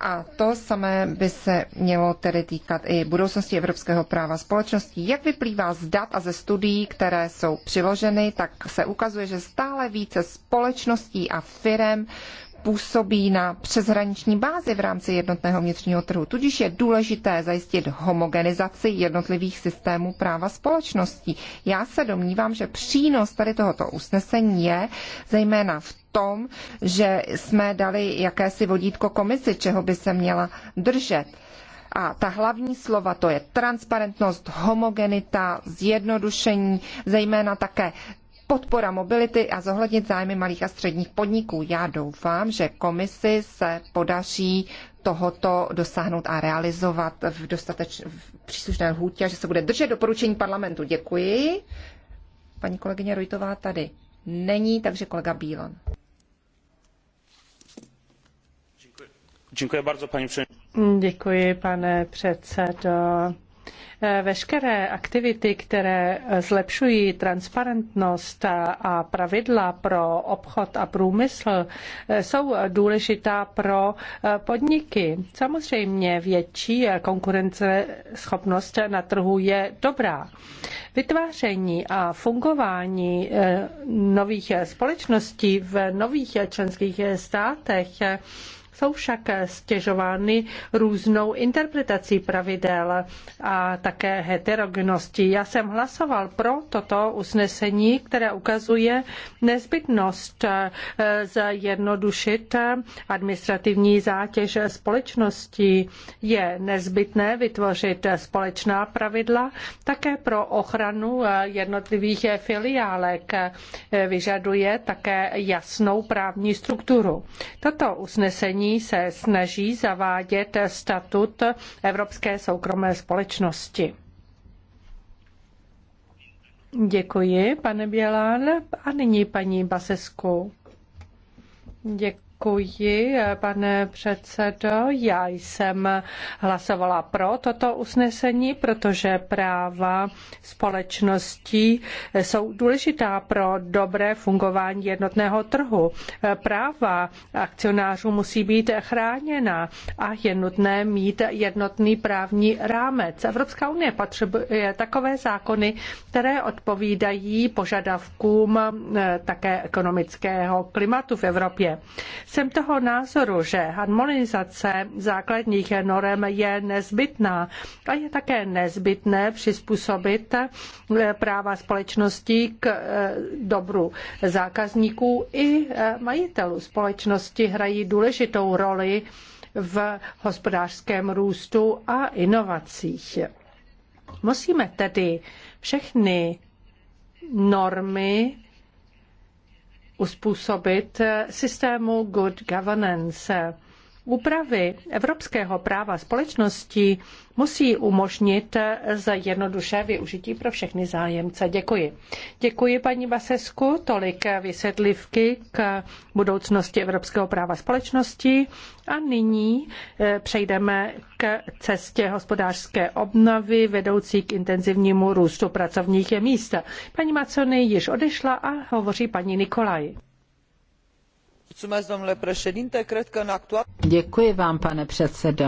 a to samé by se mělo tedy týkat i budoucnosti evropského práva společností. Jak vyplývá z dat a ze studií, které jsou přiloženy, tak se ukazuje, že stále více společností a firem působí na přeshraniční bázi v rámci jednotného vnitřního trhu. Tudíž je důležité zajistit homogenizaci jednotlivých systémů práva společností. Já se domnívám, že přínos tady tohoto usnesení je zejména v tom, že jsme dali jakési vodítko komisi, čeho by se měla držet. A ta hlavní slova to je transparentnost, homogenita, zjednodušení, zejména také podpora mobility a zohlednit zájmy malých a středních podniků. Já doufám, že komisi se podaří tohoto dosáhnout a realizovat v, dostateč, v příslušné lhůtě a že se bude držet doporučení parlamentu. Děkuji. Paní kolegyně Rojtová tady není, takže kolega Bílan. Děkuji, Děkuji, bardzo, paní Děkuji pane předsedo. Eh, veškeré aktivity, které eh, zlepšují transparentnost a pravidla pro obchod a průmysl, eh, jsou důležitá pro podniky. Samozřejmě větší konkurenceschopnost na trhu je dobrá. Vytváření a fungování nových společností v nových členských státech jsou však stěžovány různou interpretací pravidel a také heterogeností. Já jsem hlasoval pro toto usnesení, které ukazuje nezbytnost eh, zjednodušit administrativní zátěž společností. Je nezbytné vytvořit společná pravidla také pro ochranu eh, jednotlivých filiálek. Eh, vyžaduje také jasnou právní strukturu. Toto usnesení nařízení se snaží zavádět statut Evropské soukromé společnosti. Děkuji, pane Bělán. A nyní paní Basesku. Děkuji. Děkuji, pane předsedo. Já jsem hlasovala pro toto usnesení, protože práva společností jsou důležitá pro dobré fungování jednotného trhu. Práva akcionářů musí být chráněna a je nutné mít jednotný právní rámec. Evropská unie potřebuje takové zákony, které odpovídají požadavkům eh, také ekonomického klimatu v Evropě. Jsem toho názoru, že harmonizace základních norem je nezbytná a je také nezbytné přizpůsobit eh, práva společností k eh, dobru zákazníků i eh, majitelů. Společnosti hrají důležitou roli v hospodářském růstu a inovacích. Musíme tedy všechny normy uspůsobit eh, systému good governance. Úpravy evropského práva společnosti musí umožnit za jednoduše využití pro všechny zájemce. Děkuji. Děkuji paní Basesku, tolik vysvětlivky k budoucnosti evropského práva společnosti a nyní eh, přejdeme k cestě hospodářské obnovy vedoucí k intenzivnímu růstu pracovních míst. Paní Macony již odešla a hovoří paní Nikolaj. Děkuji vám, pane předsedo.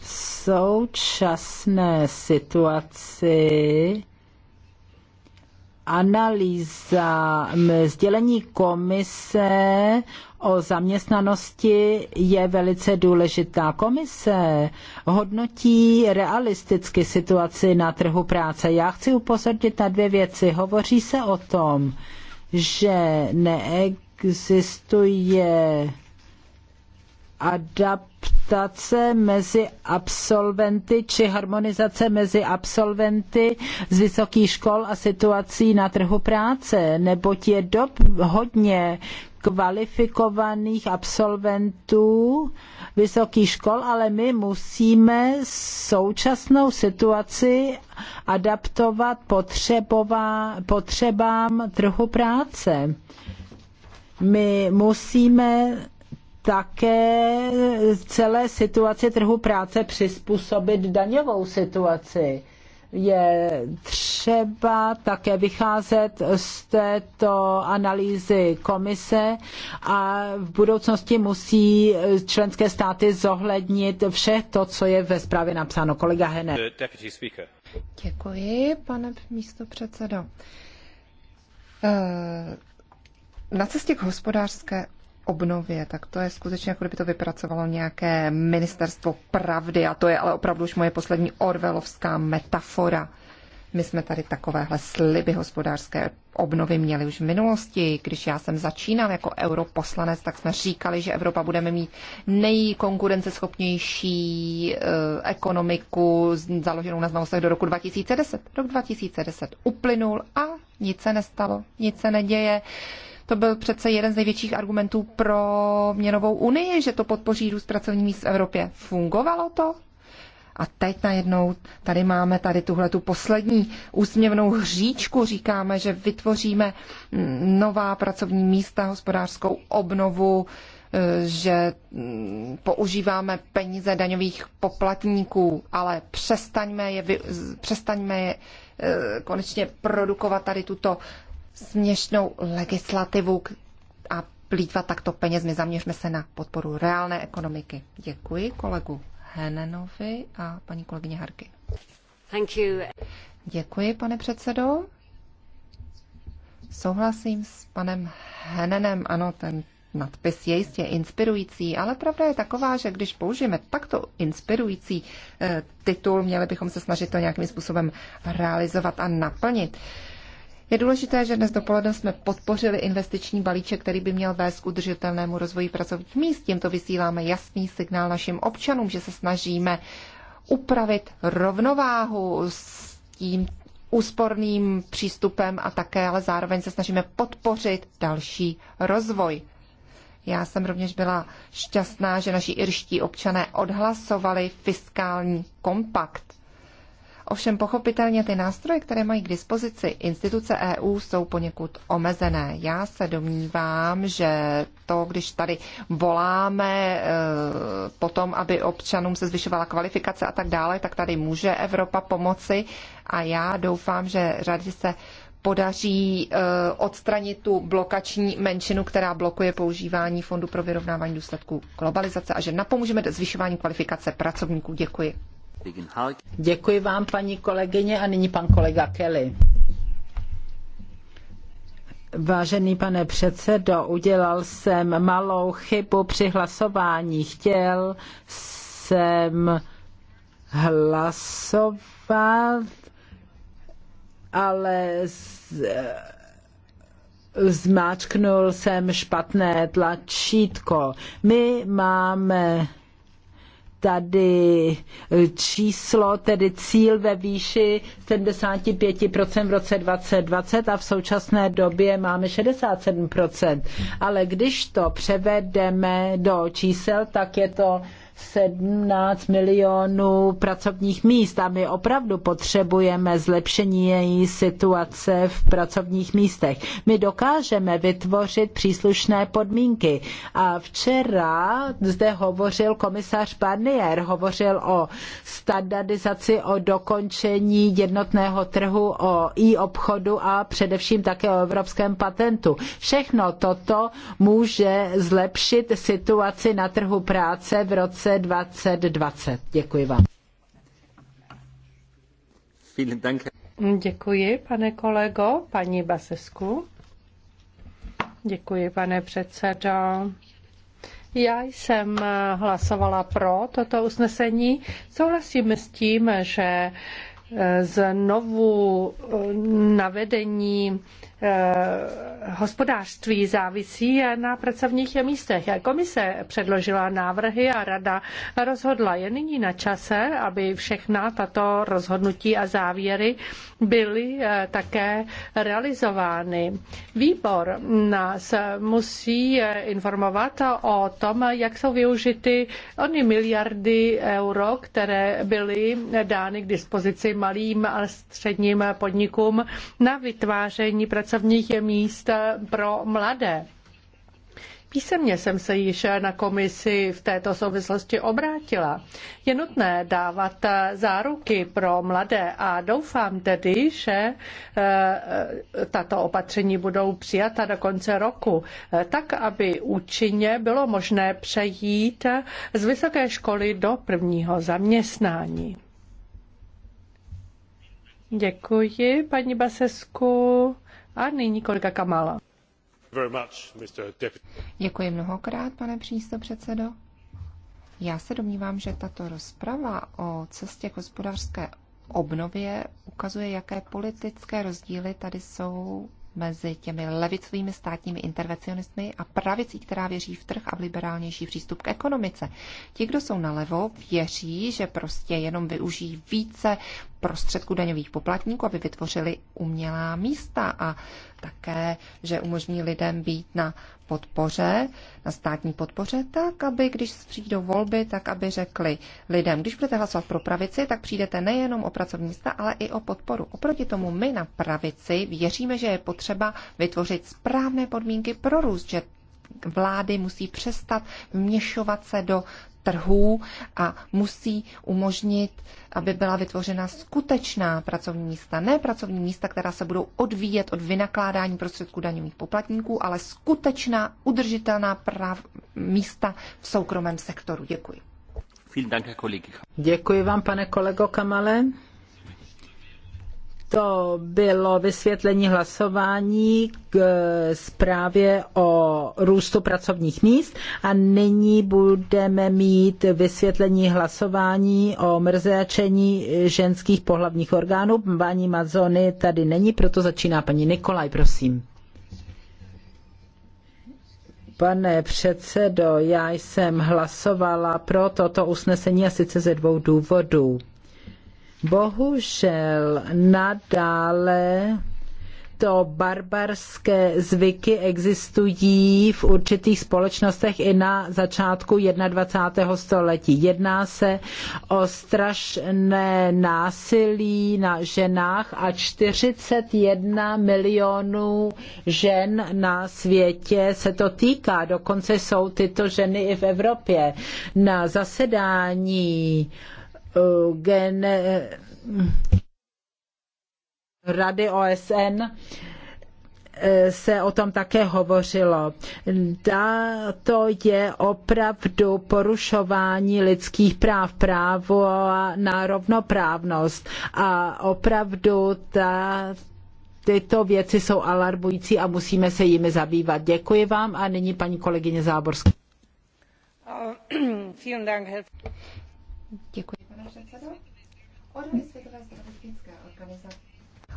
V současné situaci analýza sdělení komise o zaměstnanosti je velice důležitá. Komise hodnotí realisticky situaci na trhu práce. Já chci upozornit na dvě věci. Hovoří se o tom, že neexistuje existuje adaptace mezi absolventy či harmonizace mezi absolventy z vysokých škol a situací na trhu práce, neboť je dob hodně kvalifikovaných absolventů vysokých škol, ale my musíme současnou situaci adaptovat potřebová, potřebám trhu práce. My musíme také celé situaci trhu práce přizpůsobit daňovou situaci. Je třeba také vycházet z této analýzy komise a v budoucnosti musí členské státy zohlednit vše to, co je ve zprávě napsáno. Kolega Hene. Děkuji, pane místopředsedo. Uh... Na cestě k hospodářské obnově, tak to je skutečně, jako kdyby to vypracovalo nějaké ministerstvo pravdy a to je ale opravdu už moje poslední orvelovská metafora. My jsme tady takovéhle sliby hospodářské obnovy měli už v minulosti. Když já jsem začínal jako europoslanec, tak jsme říkali, že Evropa budeme mít nejkonkurenceschopnější eh, ekonomiku založenou na znalostech do roku 2010. Rok 2010 uplynul a nic se nestalo, nic se neděje. To byl přece jeden z největších argumentů pro měnovou unii, že to podpoří růst pracovních míst v Evropě. Fungovalo to? A teď najednou tady máme tady tuhle tu poslední úsměvnou hříčku. Říkáme, že vytvoříme nová pracovní místa, hospodářskou obnovu, že používáme peníze daňových poplatníků, ale přestaňme je, přestaňme je eh, konečně produkovat tady tuto směšnou legislativu a plítvat takto penězmi. Zaměřme se na podporu reálné ekonomiky. Děkuji kolegu Henenovi a paní kolegyně Harky. Thank you. Děkuji, pane předsedo. Souhlasím s panem Henenem, ano, ten nadpis je jistě inspirující, ale pravda je taková, že když použijeme takto inspirující eh, titul, měli bychom se snažit to nějakým způsobem realizovat a naplnit. Je důležité, že dnes dopoledne jsme podpořili investiční balíček, který by měl vést k udržitelnému rozvoji pracovních míst. Tímto vysíláme jasný signál našim občanům, že se snažíme upravit rovnováhu s tím úsporným přístupem a také, ale zároveň se snažíme podpořit další rozvoj. Já jsem rovněž byla šťastná, že naši irští občané odhlasovali fiskální kompakt. Ovšem pochopitelně ty nástroje, které mají k dispozici instituce EU, jsou poněkud omezené. Já se domnívám, že to, když tady voláme e, potom, aby občanům se zvyšovala kvalifikace a tak dále, tak tady může Evropa pomoci a já doufám, že řadě se podaří e, odstranit tu blokační menšinu, která blokuje používání Fondu pro vyrovnávání důsledků globalizace a že napomůžeme zvyšování kvalifikace pracovníků. Děkuji. Děkuji vám, paní kolegyně, a nyní pan kolega Kelly. Vážený pane předsedo, udělal jsem malou chybu při hlasování. Chtěl jsem hlasovat, ale z, zmáčknul jsem špatné tlačítko. My máme tady eh, číslo, tedy cíl ve výši 75% v roce 2020 a v současné době máme 67%. Ale když to převedeme do čísel, tak je to 17 milionů pracovních míst a my opravdu potřebujeme zlepšení její situace v pracovních místech. My dokážeme vytvořit příslušné podmínky. A včera zde hovořil komisař Barnier, hovořil o standardizaci, o dokončení jednotného trhu, o e-obchodu a především také o evropském patentu. Všechno toto může zlepšit situaci na trhu práce v roce Akce 2020. Děkuji vám. Děkuji, pane kolego, paní Basesku. Děkuji, pane předsedo. Já jsem hlasovala pro toto usnesení. Souhlasím s tím, že znovu navedení Eh, hospodářství závisí na pracovních místech. Komise předložila návrhy a rada rozhodla. Je nyní na čase, aby všechna tato rozhodnutí a závěry byly eh, také realizovány. Výbor nás musí eh, informovat o tom, jak jsou využity ony miliardy euro, které byly dány k dispozici malým a středním podnikům na vytváření pracovních pracovních míst pro mladé. Písemně jsem se již na komisi v této souvislosti obrátila. Je nutné dávat záruky pro mladé a doufám tedy, že eh, tato opatření budou přijata do konce roku, eh, tak aby účinně bylo možné přejít eh, z vysoké školy do prvního zaměstnání. Děkuji, paní Basesku. A nyní kolega Kamala. Děkuji mnohokrát, pane předsedo. Já se domnívám, že tato rozprava o cestě k hospodářské obnově ukazuje, jaké politické rozdíly tady jsou mezi těmi levicovými státními intervencionismy a pravicí, která věří v trh a v liberálnější přístup k ekonomice. Ti, kdo jsou nalevo, věří, že prostě jenom využijí více prostředků daňových poplatníků, aby vytvořili umělá místa a také, že umožní lidem být na podpoře, na státní podpoře, tak aby, když přijdou volby, tak aby řekli lidem, když budete hlasovat pro pravici, tak přijdete nejenom o pracovní místa, ale i o podporu. Oproti tomu my na pravici věříme, že je potřeba vytvořit správné podmínky pro růst, že vlády musí přestat vměšovat se do trhů a musí umožnit, aby byla vytvořena skutečná pracovní místa. Ne pracovní místa, která se budou odvíjet od vynakládání prostředků daňových poplatníků, ale skutečná udržitelná práv, místa v soukromém sektoru. Děkuji. Děkuji vám, pane kolego Kamale. To bylo vysvětlení hlasování k zprávě o růstu pracovních míst a nyní budeme mít vysvětlení hlasování o mrzačení ženských pohlavních orgánů. Paní Mazony tady není, proto začíná paní Nikolaj, prosím. Pane předsedo, já jsem hlasovala pro toto usnesení a sice ze dvou důvodů. Bohužel nadále to barbarské zvyky existují v určitých společnostech i na začátku 21. století. Jedná se o strašné násilí na ženách a 41 milionů žen na světě se to týká. Dokonce jsou tyto ženy i v Evropě. Na zasedání uh, gen Rady OSN se o tom také hovořilo. Da, to je opravdu porušování lidských práv, právo na rovnoprávnost a opravdu ta, tyto věci jsou alarmující a musíme se jimi zabývat. Děkuji vám a nyní paní kolegyně Záborská. Děkuji.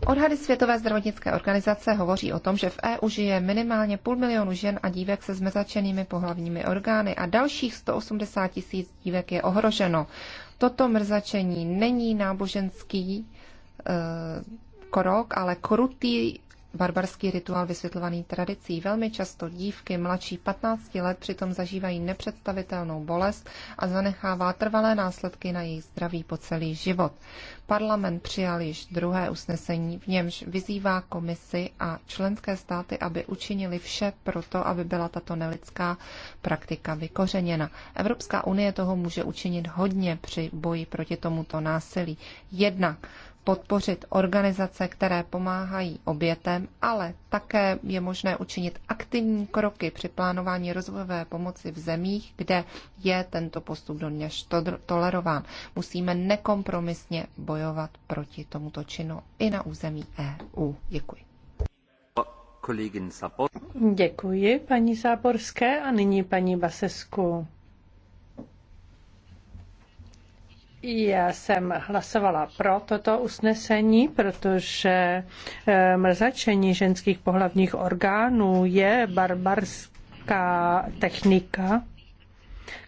Odhady Světové zdravotnické organizace. hovoří o tom, že v EU žije minimálně půl milionu žen a dívek se zmezačenými pohlavními orgány a dalších 180 tisíc dívek je ohroženo. Toto mrzačení není náboženský e, krok, ale krutý barbarský rituál vysvětlovaný tradicí. Velmi často dívky mladší 15 let přitom zažívají nepředstavitelnou bolest a zanechává trvalé následky na jejich zdraví po celý život. Parlament přijal již druhé usnesení, v němž vyzývá komisi a členské státy, aby učinili vše proto, aby byla tato nelidská praktika vykořeněna. Evropská unie toho může učinit hodně při boji proti tomuto násilí. Jednak podpořit organizace, které pomáhají obětem, ale také je možné učinit aktivní kroky při plánování rozvojové pomoci v zemích, kde je tento postup doněž tolerován. Musíme nekompromisně bojovat proti tomuto činu i na území EU. Děkuji. Děkuji paní Záborské a nyní paní Basesku. Já jsem hlasovala pro toto usnesení, protože eh, mrzačení ženských pohlavních orgánů je barbarská technika,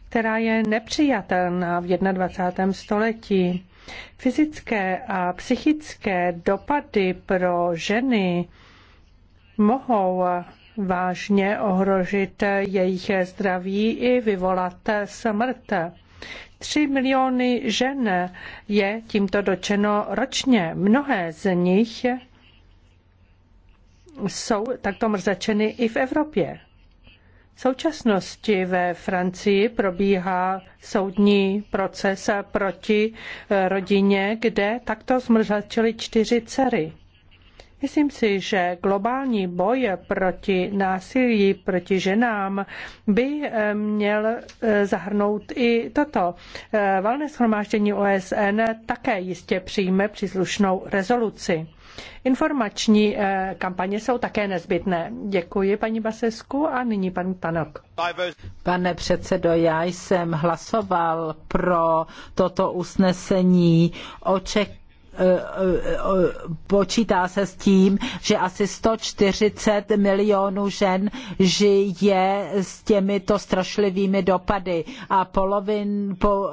která je nepřijatelná v 21. století. Fyzické a psychické dopady pro ženy mohou vážně ohrožit jejich zdraví i vyvolat smrt. 3 miliony žen je tímto dočeno ročně. Mnohé z nich jsou takto mrzačeny i v Evropě. V současnosti ve Francii probíhá soudní proces proti rodině, kde takto zmrzačili čtyři dcery. Myslím si, že globální boj proti násilí proti ženám by eh, měl eh, zahrnout i toto. Eh, valné shromáždění OSN také jistě přijme příslušnou rezoluci. Informační kampaně jsou také nezbytné. Děkuji paní Basesku a nyní pan Tanok. Pane předsedo, já jsem hlasoval pro toto usnesení. Oček počítá se s tím, že asi 140 milionů žen žije s těmito strašlivými dopady a polovin, po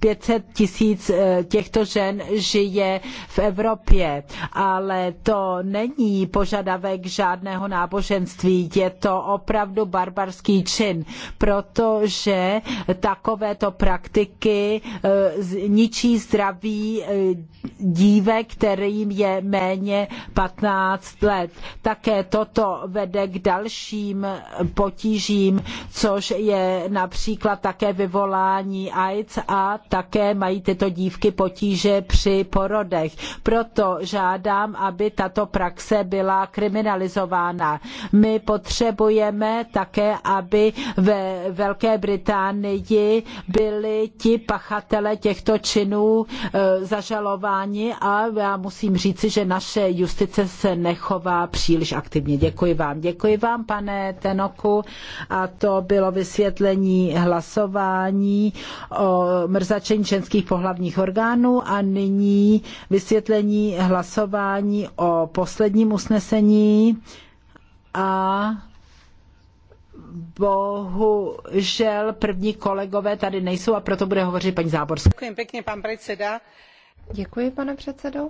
500 eh, tisíc eh, těchto žen žije v Evropě. Ale to není požadavek žádného náboženství, je to opravdu barbarský čin, protože takovéto praktiky eh, ničí zdraví dívek, kterým je méně 15 let. Také toto vede k dalším potížím, což je například také vyvolání AIDS a také mají tyto dívky potíže při porodech. Proto žádám, aby tato praxe byla kriminalizována. My potřebujeme také, aby ve Velké Británii byli ti pachatele těchto činů e, zažalováni jednání a já musím říci, že naše justice se nechová příliš aktivně. Děkuji vám. Děkuji vám, pane Tenoku. A to bylo vysvětlení hlasování o mrzačení ženských pohlavních orgánů a nyní vysvětlení hlasování o posledním usnesení a bohužel první kolegové tady nejsou a proto bude hovořit paní Záborská. Děkuji pěkně, pan předseda Děkuji, pane předsedo.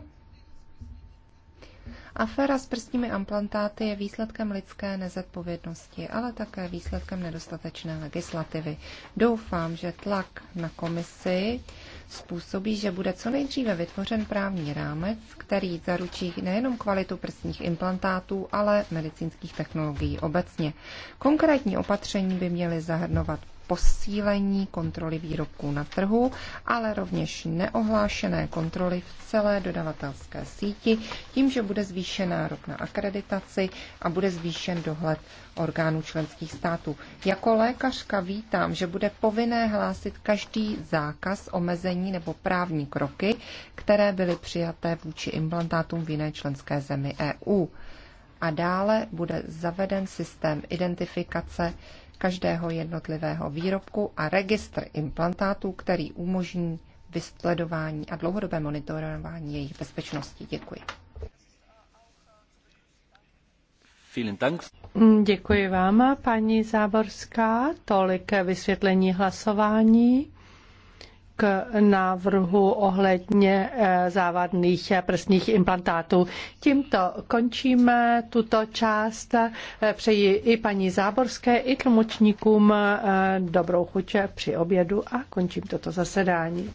Aféra s prstními implantáty je výsledkem lidské nezodpovědnosti, ale také výsledkem nedostatečné legislativy. Doufám, že tlak na komisi způsobí, že bude co nejdříve vytvořen právní rámec, který zaručí nejenom kvalitu prstních implantátů, ale medicínských technologií obecně. Konkrétní opatření by měly zahrnovat posílení kontroly výrobků na trhu, ale rovněž neohlášené kontroly v celé dodavatelské síti, tím, že bude zvýšen nárok na akreditaci a bude zvýšen dohled orgánů členských států. Jako lékařka vítám, že bude povinné hlásit každý zákaz, omezení nebo právní kroky, které byly přijaté vůči implantátům v jiné členské zemi EU. A dále bude zaveden systém identifikace každého jednotlivého výrobku a registr implantátů, který umožní vysledování a dlouhodobé monitorování jejich bezpečnosti. Děkuji. Mm, děkuji vám, paní Záborská. Tolik vysvětlení hlasování k návrhu ohledně eh, závadných eh, prsních implantátů. Tímto končíme tuto část. Eh, přeji i paní Záborské, i tlumočníkům dobrou chuť při obědu a končím toto zasedání.